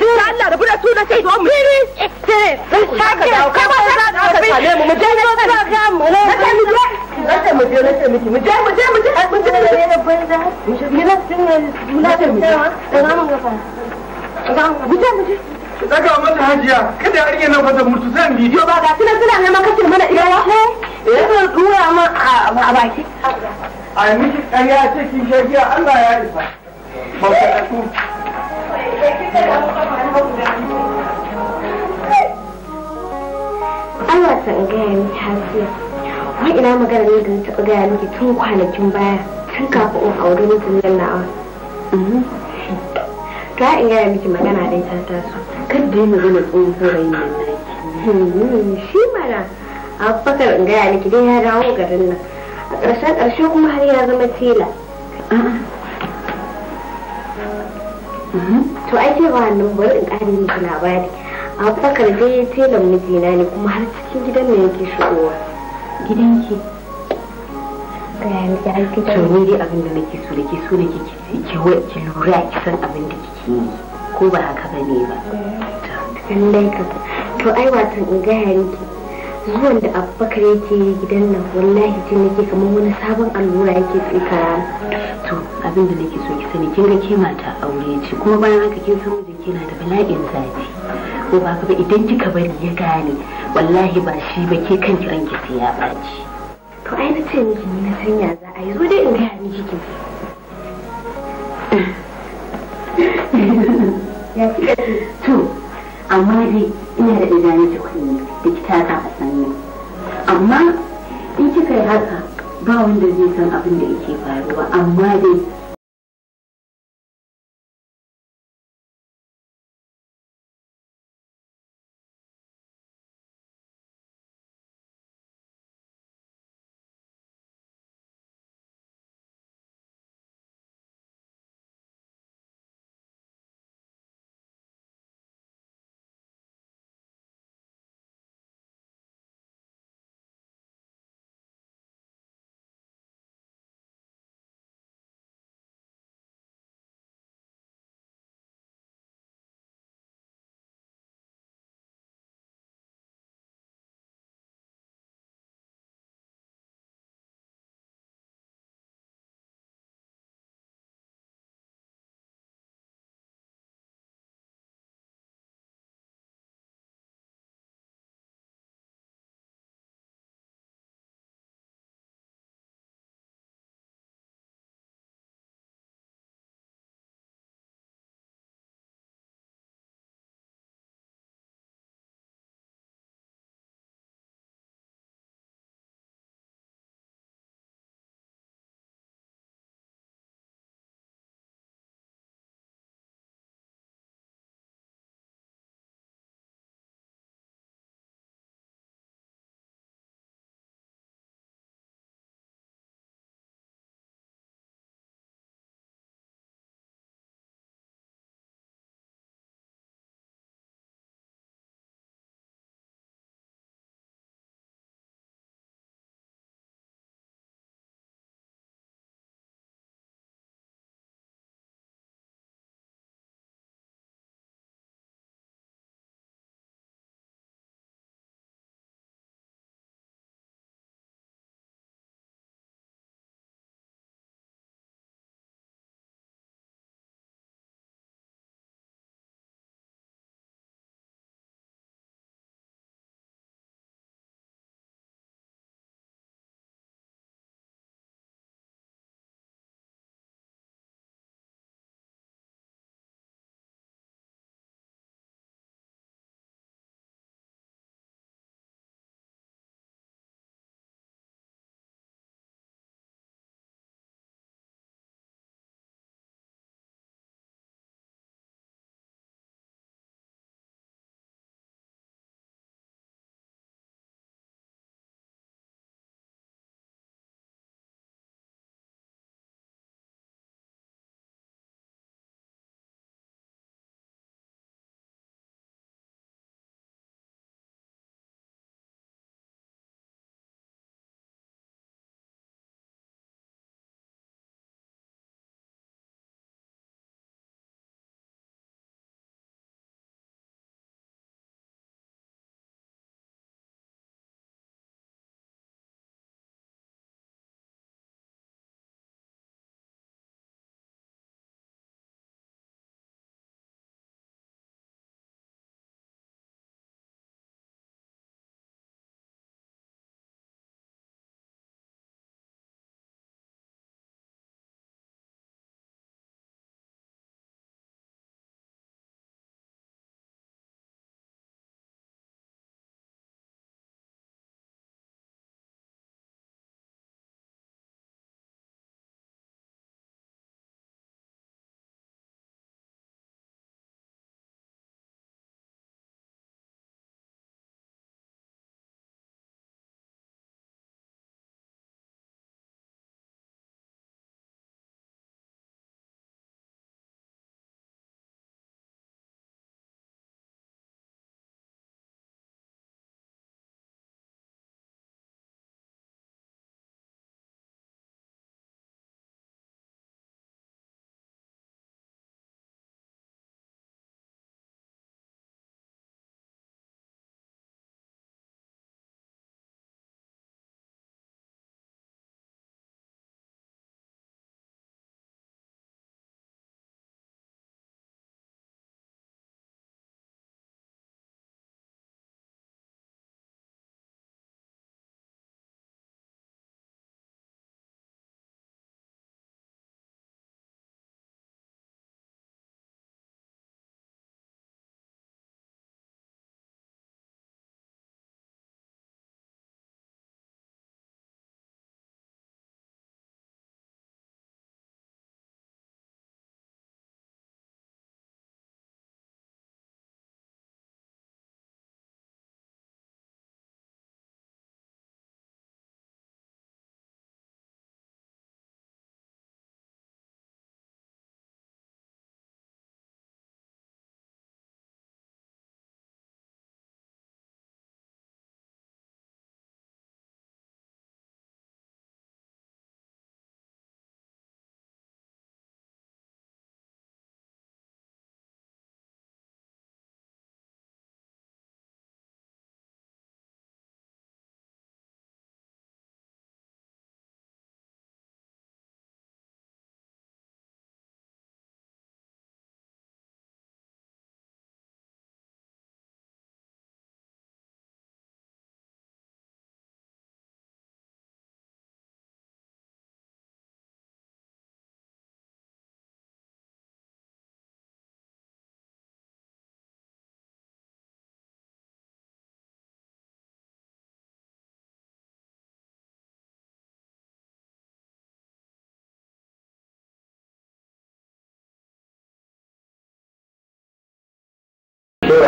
ta Allah rabu da su na sai don mu ka ka dawo ka ba za da aka sale mu mu je mu za ga mu na sai mu je na mu je na mu je mu je mu je mu je ne mu je ne mu na mu je mu je mu je daga mata hajiya kada yarinya nan fa ta mutu zan bi yo ba ga suna suna ne ma ce mana iyawa ne eh zan dura ma a baki a miki ƙarya ce kin shagiya Allah ya isa ba ka Allah sa in gaya miki hasiya. Wai ina magana ne da na taɓa gaya miki tun kwanakin baya tun kafin in aure mutum nan mhm. to Ta in gaya miki magana dai ta taso. Kan da yi magana tsohon rai nan mhm. Shi mana abubakar in gaya miki dai ya dawo garin nan. A ƙarshen ƙarshe kuma har ya zama tela. to ai ce ba nan bari in ƙari miki labari abubakar dai telan mijina ne kuma har cikin gidan mu yake shigowa gidanki gaya miki har gidan to ni dai abin da nake so da ke so da ke ki lura ki san abin da kike yi ko ba haka ba ne ba lallai ka to ai watan in gaya miki zuwan da abubakar yake gidan nan wallahi ce ke kamar wani sabon allura yake tsikara to abin da nake so ki sani kin ga ke mata aure ce kuma bayan haka kin san mijin kina da bala'in zafi ko ba ka ba idan kika bari ya gane wallahi ba shi ba ke kiran ki sai ya baci to ai na ce miki ni na sanya za a yi zo dai in gaya miki ki ya kike to amma dai ina da idanun miki kuɗi da ki taka a sanyi amma in kika yi haka ba wanda zai san abin da yake faruwa amma dai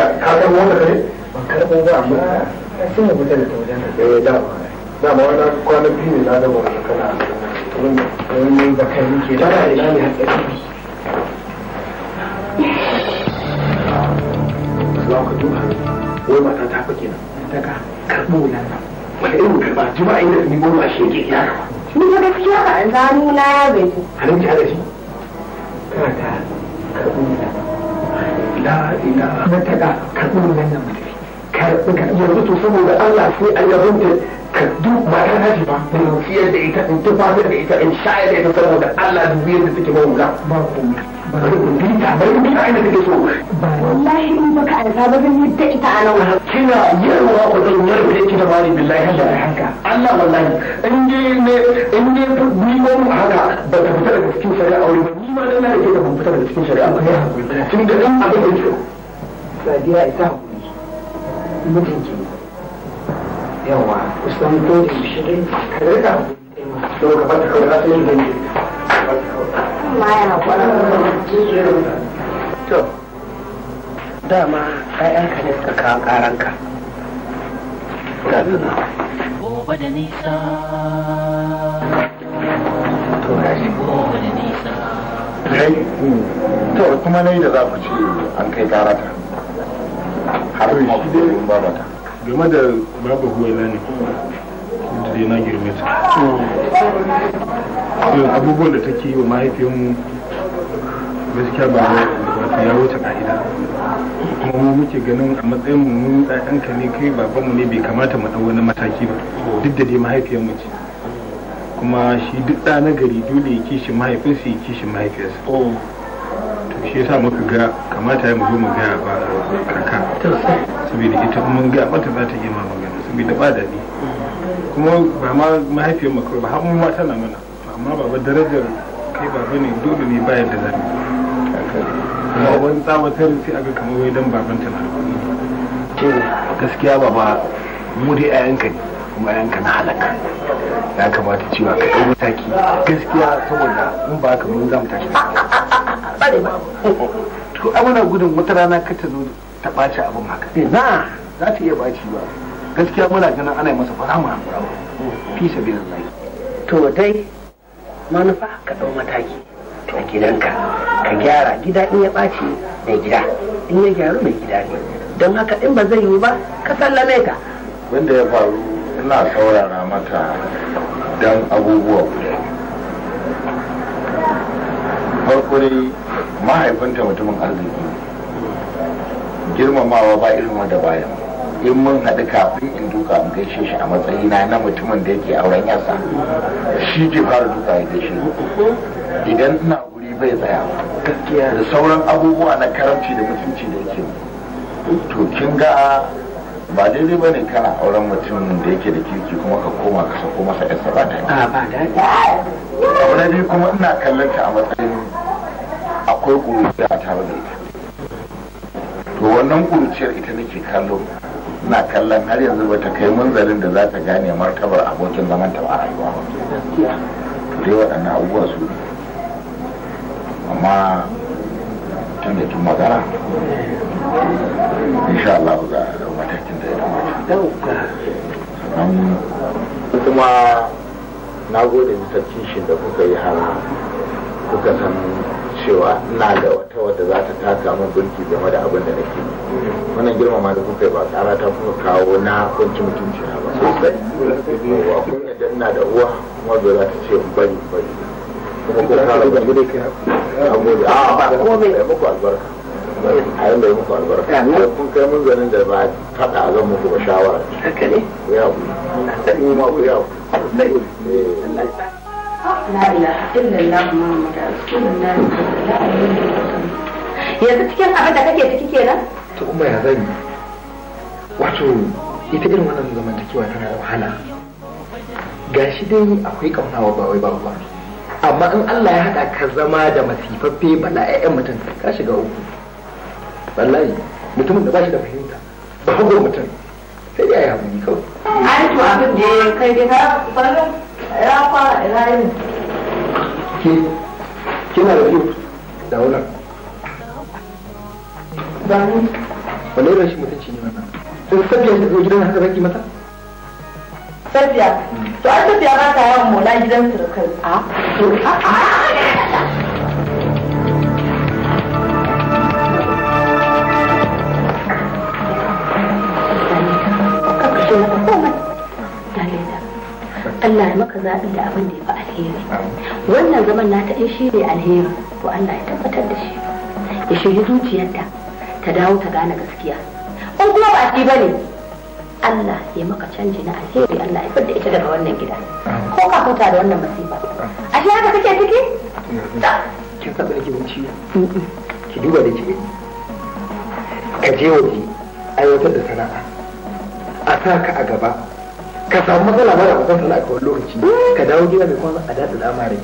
da ka karbo wanda ne ban karbo ba amma sai mu fita da ta wajen eh, da ya da da ma wani kwana biyu ne na da wani kana wani zakar muke da ya ne hatsari ka duba wai mata ta fa kenan ta ka karbo wannan wani irin karba juma'a inda ni goma shi yake ya karba ni ga gaskiya ba zanu na ya bai halin ji alaji kana ta karbo wannan na taga karɓi wannan mutum karɓi yanzu to saboda Allah sai a yabon da ka duk ba ya dace ba in ciyar da ita in tufatar da ita in shayar da ita saboda Allah dubi yadda take mawuga ba komai ba da kundi ta bai duk aina take so ba wallahi in ka alfa ba zan yadda ita a nan wahala kina yarwa ko zan yarwa da kina bani billahi haka haka Allah wallahi in je ne in ne ta ko mu haka ba ta fita daga cikin shari'a aure ba ni ma dan na ke ban fita daga cikin shari'a ba ya hakuri tun da abin da sadiya ita hakuri mutunci yawa kusan ko da yaushe dai ka da to ka bata kawai za su yi zanje to dama ƴaƴanka ne suka kawo ƙaranka gobe da nisa to gashi gobe da nisa hmm. to kuma nayi da za ku ce an kai karata har ma ku ba mata game da babu huwaila ne da dai na girme ta abubuwan da take yi wa mahaifinmu gaskiya ba wato ya wuce ka'ida kuma mu muke ganin a matsayin mu mu ka ne kai mu ne bai kamata mu ɗau wani mataki ba duk da dai mu ce kuma shi duk ɗa na gari dole ya kishi mahaifinsa ya kishi mahaifiyarsa oh. to shi yasa muka ga kamata ya mu zo mu gaya ba kaka saboda ita mun ga mata za ta yi ma magana saboda ba da ni kuma ba ma mahaifiyar makar ba har ma tana mana amma ba ba darajar kai ba bane dole ne bayan da zai kuma wani tsawatar sai aga kamar wai dan baban ta na gaskiya baba mu dai a yanka ne kuma a yanka na halaka ya kamata cewa ka ɗau mataki gaskiya saboda in ba haka mun za mu tashi ba to a muna gudun wata rana ka ta zo ta ɓace abin haka na eh, za ta iya ɓaci ba gaskiya muna ganin ana masa ba za mu hankura ba fi sabi zai to dai manufa ka ɗau mataki a gidanka ka gyara gida in ya ɓace mai gida in ya gyaru mai gida ne don haka in ba zai yi ba ka sallame ka wanda ya faru ina saurara mata don abubuwa farko dai mahaifinta mutumin arziki girmamawa ba irin wanda bayan in mun haɗu kafin in duka in gaishe shi a matsayina na mutumin da yake auren yasa shi ke fara duka ya gaishe idan ina guri bai tsaya da sauran abubuwa na karamci da mutunci da yake to kin ga ba daidai ba ne kana auren mutum da yake da kirki kuma ka koma ka sako masa yarsa ba daɗi. ba daɗi. biyu kuma ina kallon ta a matsayin akwai ƙuri da a tare da ita. to wannan kuruciyar ita nake kallo na kallon har yanzu bata kai munzalin da za ta gane martabar abokin zaman ta ba rayuwa ba dai waɗannan abubuwa su ne amma tun da tun magana insha Allah za a dau matakin da ya kamata sannan kuma na gode bisa shi da kuka yi hana kuka san cewa ina da wata wadda za ta taka min burki game da abin da nake wannan girmama da kuka ba tsara ta kuma kawo na kwanci mutunci na ba sosai wa kun yadda ina da uwa wanda za ta ce bari bari kuma ko kara ba gode ka gode a ba komai ya muku albarka a yi mai muku albarka kun kai mun zanen da ba faɗa zan muku ba shawara haka ne ku eh. ya ku yawo la ilaha illallah muhammadu rasulullah sallallahu alaihi wasallam yanzu cikin abin da kake ciki kenan to kuma ya zan wato ita irin wannan zamantakewa tana da wahala Ga shi dai akwai kaunawa ba wai ba ba amma in Allah ya haɗa ka zama da masifaffe bala'a'yan mutum ka shiga uku wallahi mutumin da ba shi da fahimta ba hagu mutum sai dai a yi hagu kawai an to abin da ya kai dai ka fara ya fara ina yin kina da kyau da wurin zani wanda irin shi mutunci ne wannan sun sabiya da zo gidan haka baki mata sabiya hmm. to an sabiya ba ta yawan mola gidan surukai a ah. to a ah. Allah ya maka zaɓi da abin da ya fi alheri wannan zaman ta in shi ne alheri to Allah ya tabbatar da shi ya shirya zuciyarta ta dawo ta gane gaskiya in kuma ba shi bane Allah ya maka canji na alheri Allah ya fadda ita daga wannan gida ko ka huta da wannan masifa ashe haka kake ciki kin saba nake wuce ki duba da ki ka je waje aiwatar da sana'a a sa ka a gaba ka samu matsala mara kusan sana a wani lokaci ka dawo gida mai kwanza a daɗa lamarin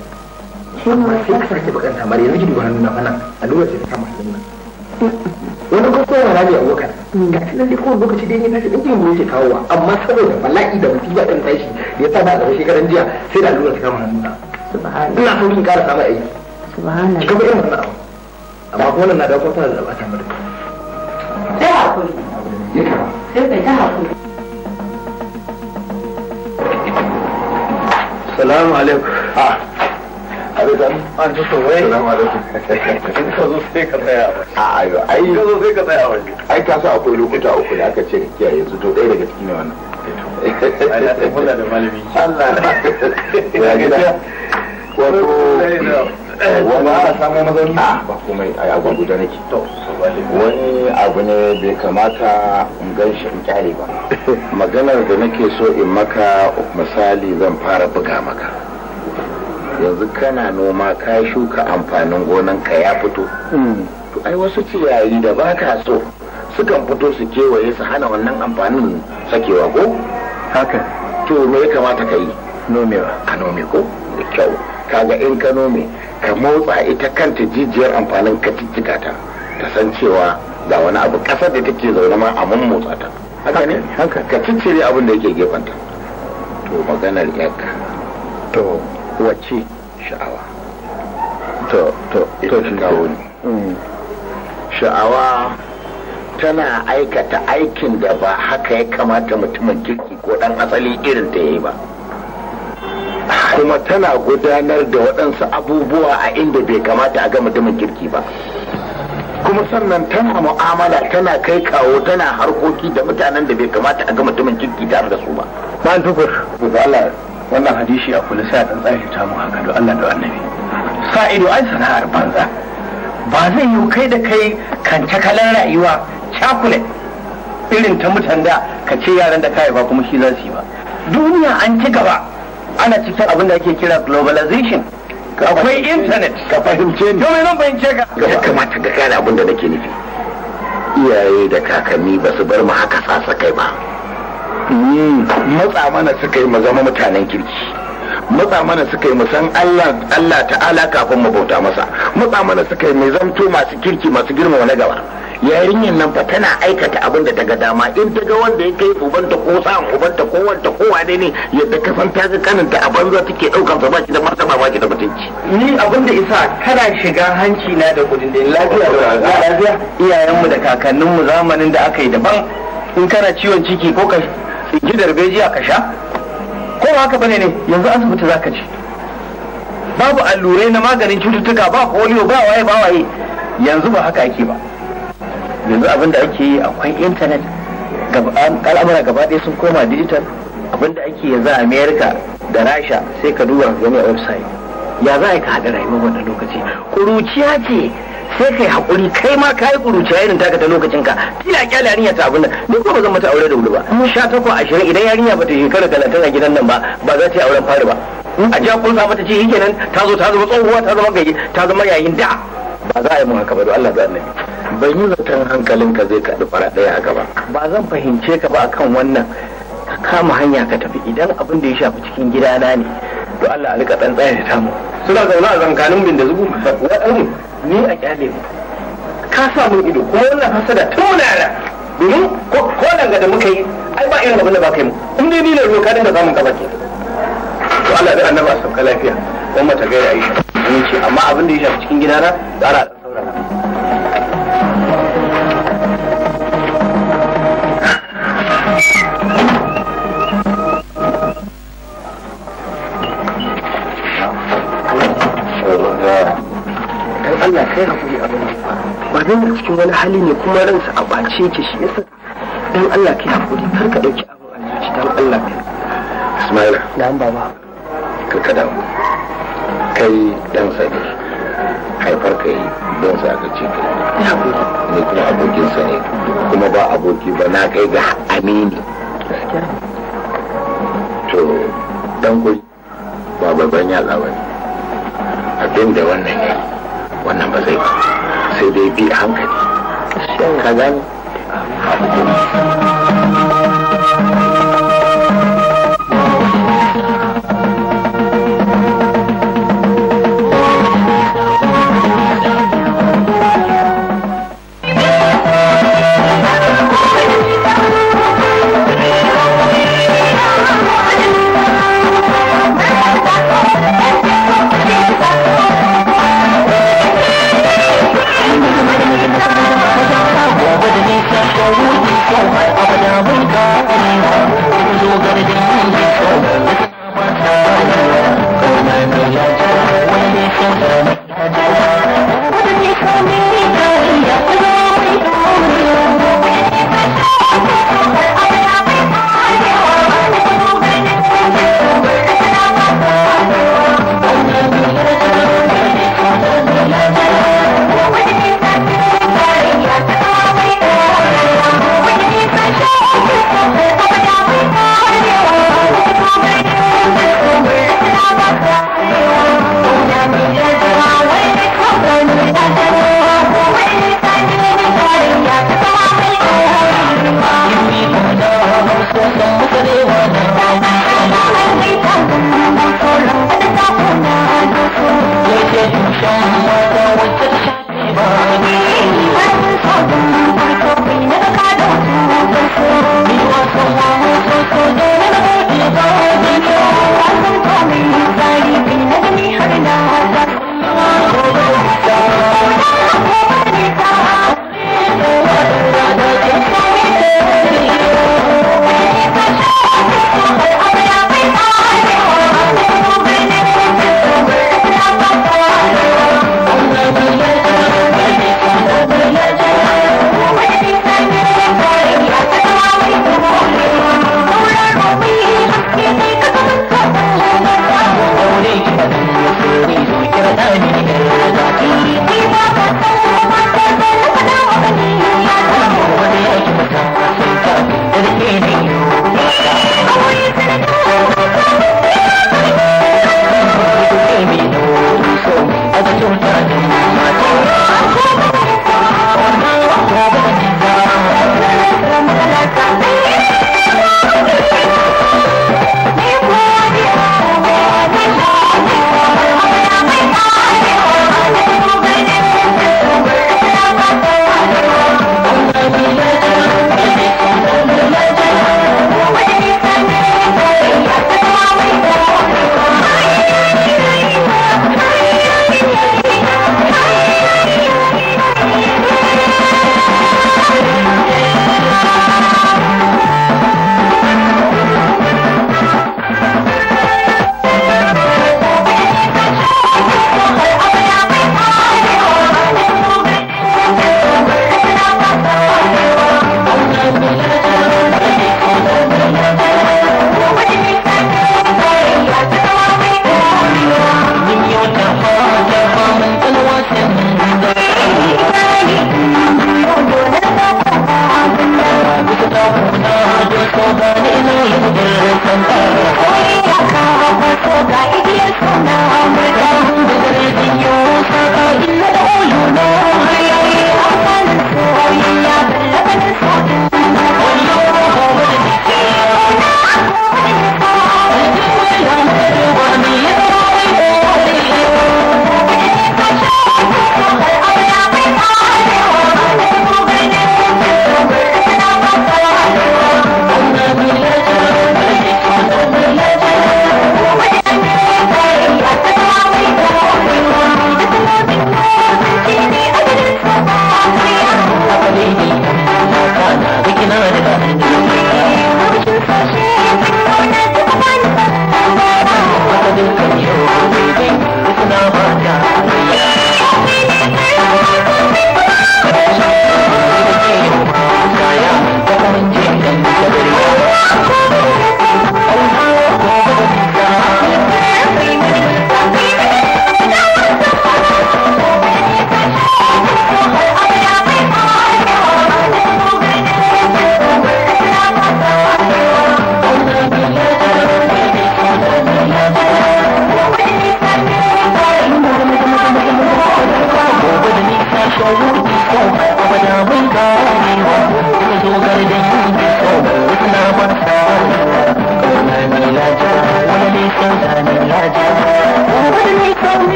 rai ma sai ka sake bakan tamari yanzu gidi wani nuna na fana a lokaci ce ta kama hannun nan wani kuma yana rami a wakar mm. ga tunan da dai kowane lokaci da ne nasi ɗinkin yin ke kawowa amma saboda bala'i da musiba ɗin tashi da ya sa ba a gaba shekaran jiya sai da lura ta kama hannuna. na ina so kin ƙara samun aiki subhanallah kika irin wannan abu amma kuma wannan na da kwata da ba ta mutu sai hakuri sai ka ta hakuri salamu ah. alaikum an ji salamu alaikum ka zo sai ka tsaya ayo ah, ka zo sai ka tsaya ai ka sa akwai lokuta uku da aka ce kiyaye ɗaya daga ciki wannan da malami Allah wato Eh, wani samun mazauni ah, abu ne bai kamata in gan shi in kyare ba maganar da nake so in maka misali zan fara buga maka yanzu kana noma ka shuka amfanin gonanka ya fito hmm. to ai wasu ciyayi da ba ka so sukan fito su kewaye su hana wannan amfanin sakewa ko haka to me ya kamata ka yi nomewa a nome ko da kyau kaga in ka nome ka motsa ita kanta jijiyar amfanin ka ta ta san cewa ga wani abu kasar da take zaune ma a mun motsa ta haka ne haka ka ciccire abin da yake gefanta to maganar yakka to wacce sha'awa to to to shi kawo ne mm. sha'awa tana aikata aikin da ba haka ya kamata mutumin kirki ko dan asali irin ta yi ba kuma tana gudanar da waɗansu abubuwa a inda bai kamata a ga mutumin kirki ba kuma sannan tana mu'amala tana kai kawo tana harkoki da mutanen da bai kamata a gama mutumin kirki tare da su ba ban tukur da Allah wannan hadishi a kula sai a dan ta haka da Allah da annabi sa ido ai sana'ar banza ba zai yi kai da kai kan takalar rayuwa cakulet irin ta mutanda da ka ce yaran da kai ba kuma shi za su yi ba duniya an ci gaba ana cikin abin da ake kira globalization akwai internet ka fahimce ni domin zan fahimce ka ya kamata ka gane abin da nake nufi iyaye da kakanni ba su bar mu haka tsatsa kai ba matsa mana suka yi mu zama mutanen kirki matsa mana suka yi mu san Allah ta'ala kafin mu bauta masa matsa mana suka yi mai zamto masu kirki masu girma na gaba yarinyar nan fa tana aikata abin da daga dama in ta ga wanda ya kai ubanta ko sa'an ubanta ko wanta ko wane ne yadda ka san ta ga kaninta a banza take daukar sa baki da martaba baki da mutunci ni abin da isa kana shiga hanci na da kudin da lafiya da lafiya iyayenmu da kakanninmu zamanin da aka yi daban in kana ciwon ciki ko ka tsinki darbejiya ka sha ko haka bane ne yanzu asibiti zaka ci babu allurai na maganin cututtuka ba polio ba waye ba waye yanzu ba haka yake ba yanzu abin da ake yi akwai intanet al'amura gaba ɗaya sun koma digital abin da ake yanzu a Amerika da rasha sai ka duba gani a website ya za ka haɗa rayuwar wannan lokaci kuruciya ce sai kai haƙuri kai ma ka yi kuruciya irin taka ta lokacin ka tila kyale yarinya ta abin nan ni ko ba zan mata aure da wuri ba mun sha takwa ashirin idan yarinya ba ta shekara talatin a gidan nan ba ba za ta yi auren fari ba a ja kun mata ce shikenan ta zo ta zama tsohuwa ta zama gayi ta zama yayin da ba za a yi mun haka ba don Allah da annabi ban yi zaton hankalinka zai kaɗi fara ɗaya a gaba ba zan fahimce ka ba akan wannan ka kama hanya ka tafi idan abin da ya shafi cikin gidana ne to Allah alika dan tsaya ta tamu suna zauna a zankanin bin da zubu waɗanmu ni a kyale mu ka sa mun ido kuma wannan hasada tun muna yara domin ko danga da muka yi ai ba irin abin da ba kai mu in dai ni da zo ka dinga samun kafa ke to Allah da annaba sauka lafiya kuma ta gaira aisha ce amma abin da ya shafi cikin gidana tsara da saurara dan Allah kai hakuri abin da ba zan cikin wani hali ne kuma ransa a bace yake shi yasa dan Allah kai hakuri kar ka dauki abin a zuci dan Allah kai da an baba ka kada damu kai dan sani haifar ka yi don sa ka ce ka ne kuma abokin sa ne kuma ba aboki ba na kai ga amini to dan kuri ba babban yatsa ba ne abin da wannan ya wannan ba zai ba sai dai bi hankali ka gano Gracias.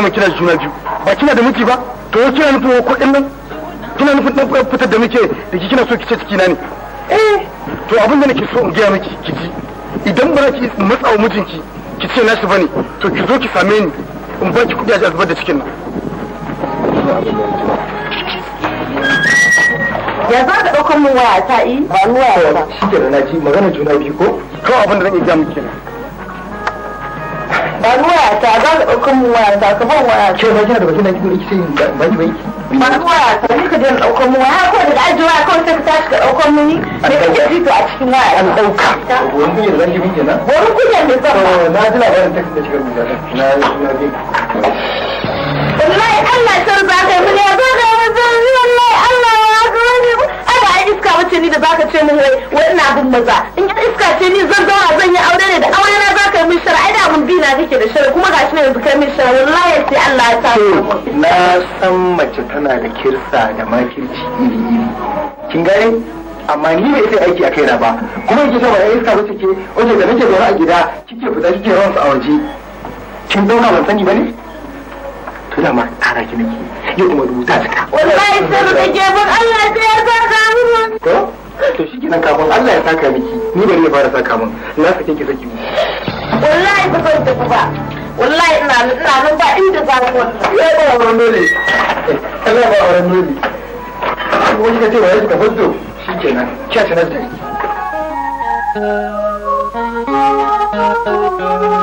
daman kina juna biyu ba kina da miki ba to yau kina nufin kuɗin nan kina nufin ɗan fitar da muke da ki kina so ki ce ciki na ne eh to abin da nake so in ga miki ki ji idan ba ki matsawa mijinki ki ce nashi bane to ki zo ki same ni in ba ki kuɗi a zubar da cikin nan ya za ka ɗaukar mu waya ta yi ba ni waya ba shi ke da na ji magana juna biyu ko kawai abin da zan iya gaya miki ba ni waya ta za ka ɗaukar mu waya ta ka ban waya ce ba kina da bakin da kike yin ba ki bai ba ni waya ta ni ka je ɗaukar mu waya ko daga aji waya kawai sai ka tashi ka ɗaukar mu ni ne ka je fito a cikin waya an ɗauka wani kunya zaki min kenan wani kunya ne zan ba na ji labarin ta kike shigar mu na na ji wallahi Allah sarba kai mu ne ba iska wace ni da zaka ce min wai wai ina bin maza in yar iska ce ni zan zauna zan yi aure ne da aure na zaka yi min shara ai da mun bina kake da shara kuma gashi ne yanzu kai min shara wallahi sai Allah ya sa na san mace tana da kirsa da makirci kin gane amma ni bai sai aiki a kai na ba kuma kike ba yar iska bace ke wace da nake zaune a gida kike fita kike rawan a waje kin dauka ban sani ba ne da ma ki nake kuma rubuta ta ka wallahi sai da kake bin Allah sai ya mun to shi kenan kafin Allah ya saka miki ni bari ya fara saka mun na sake ki saki wallahi ba zan tafi ba wallahi ina ina nan ba inda za ya ba dole Allah ba dole ko ka ce ka fito shi kenan Thank you.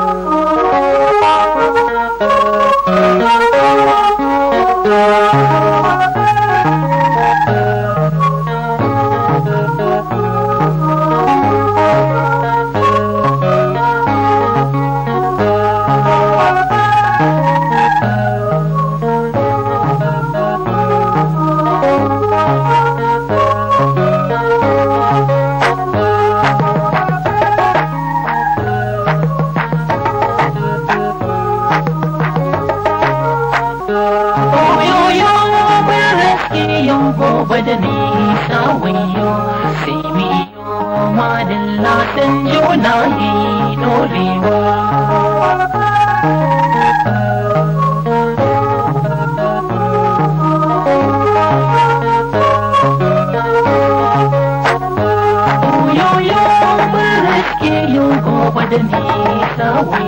Thank you.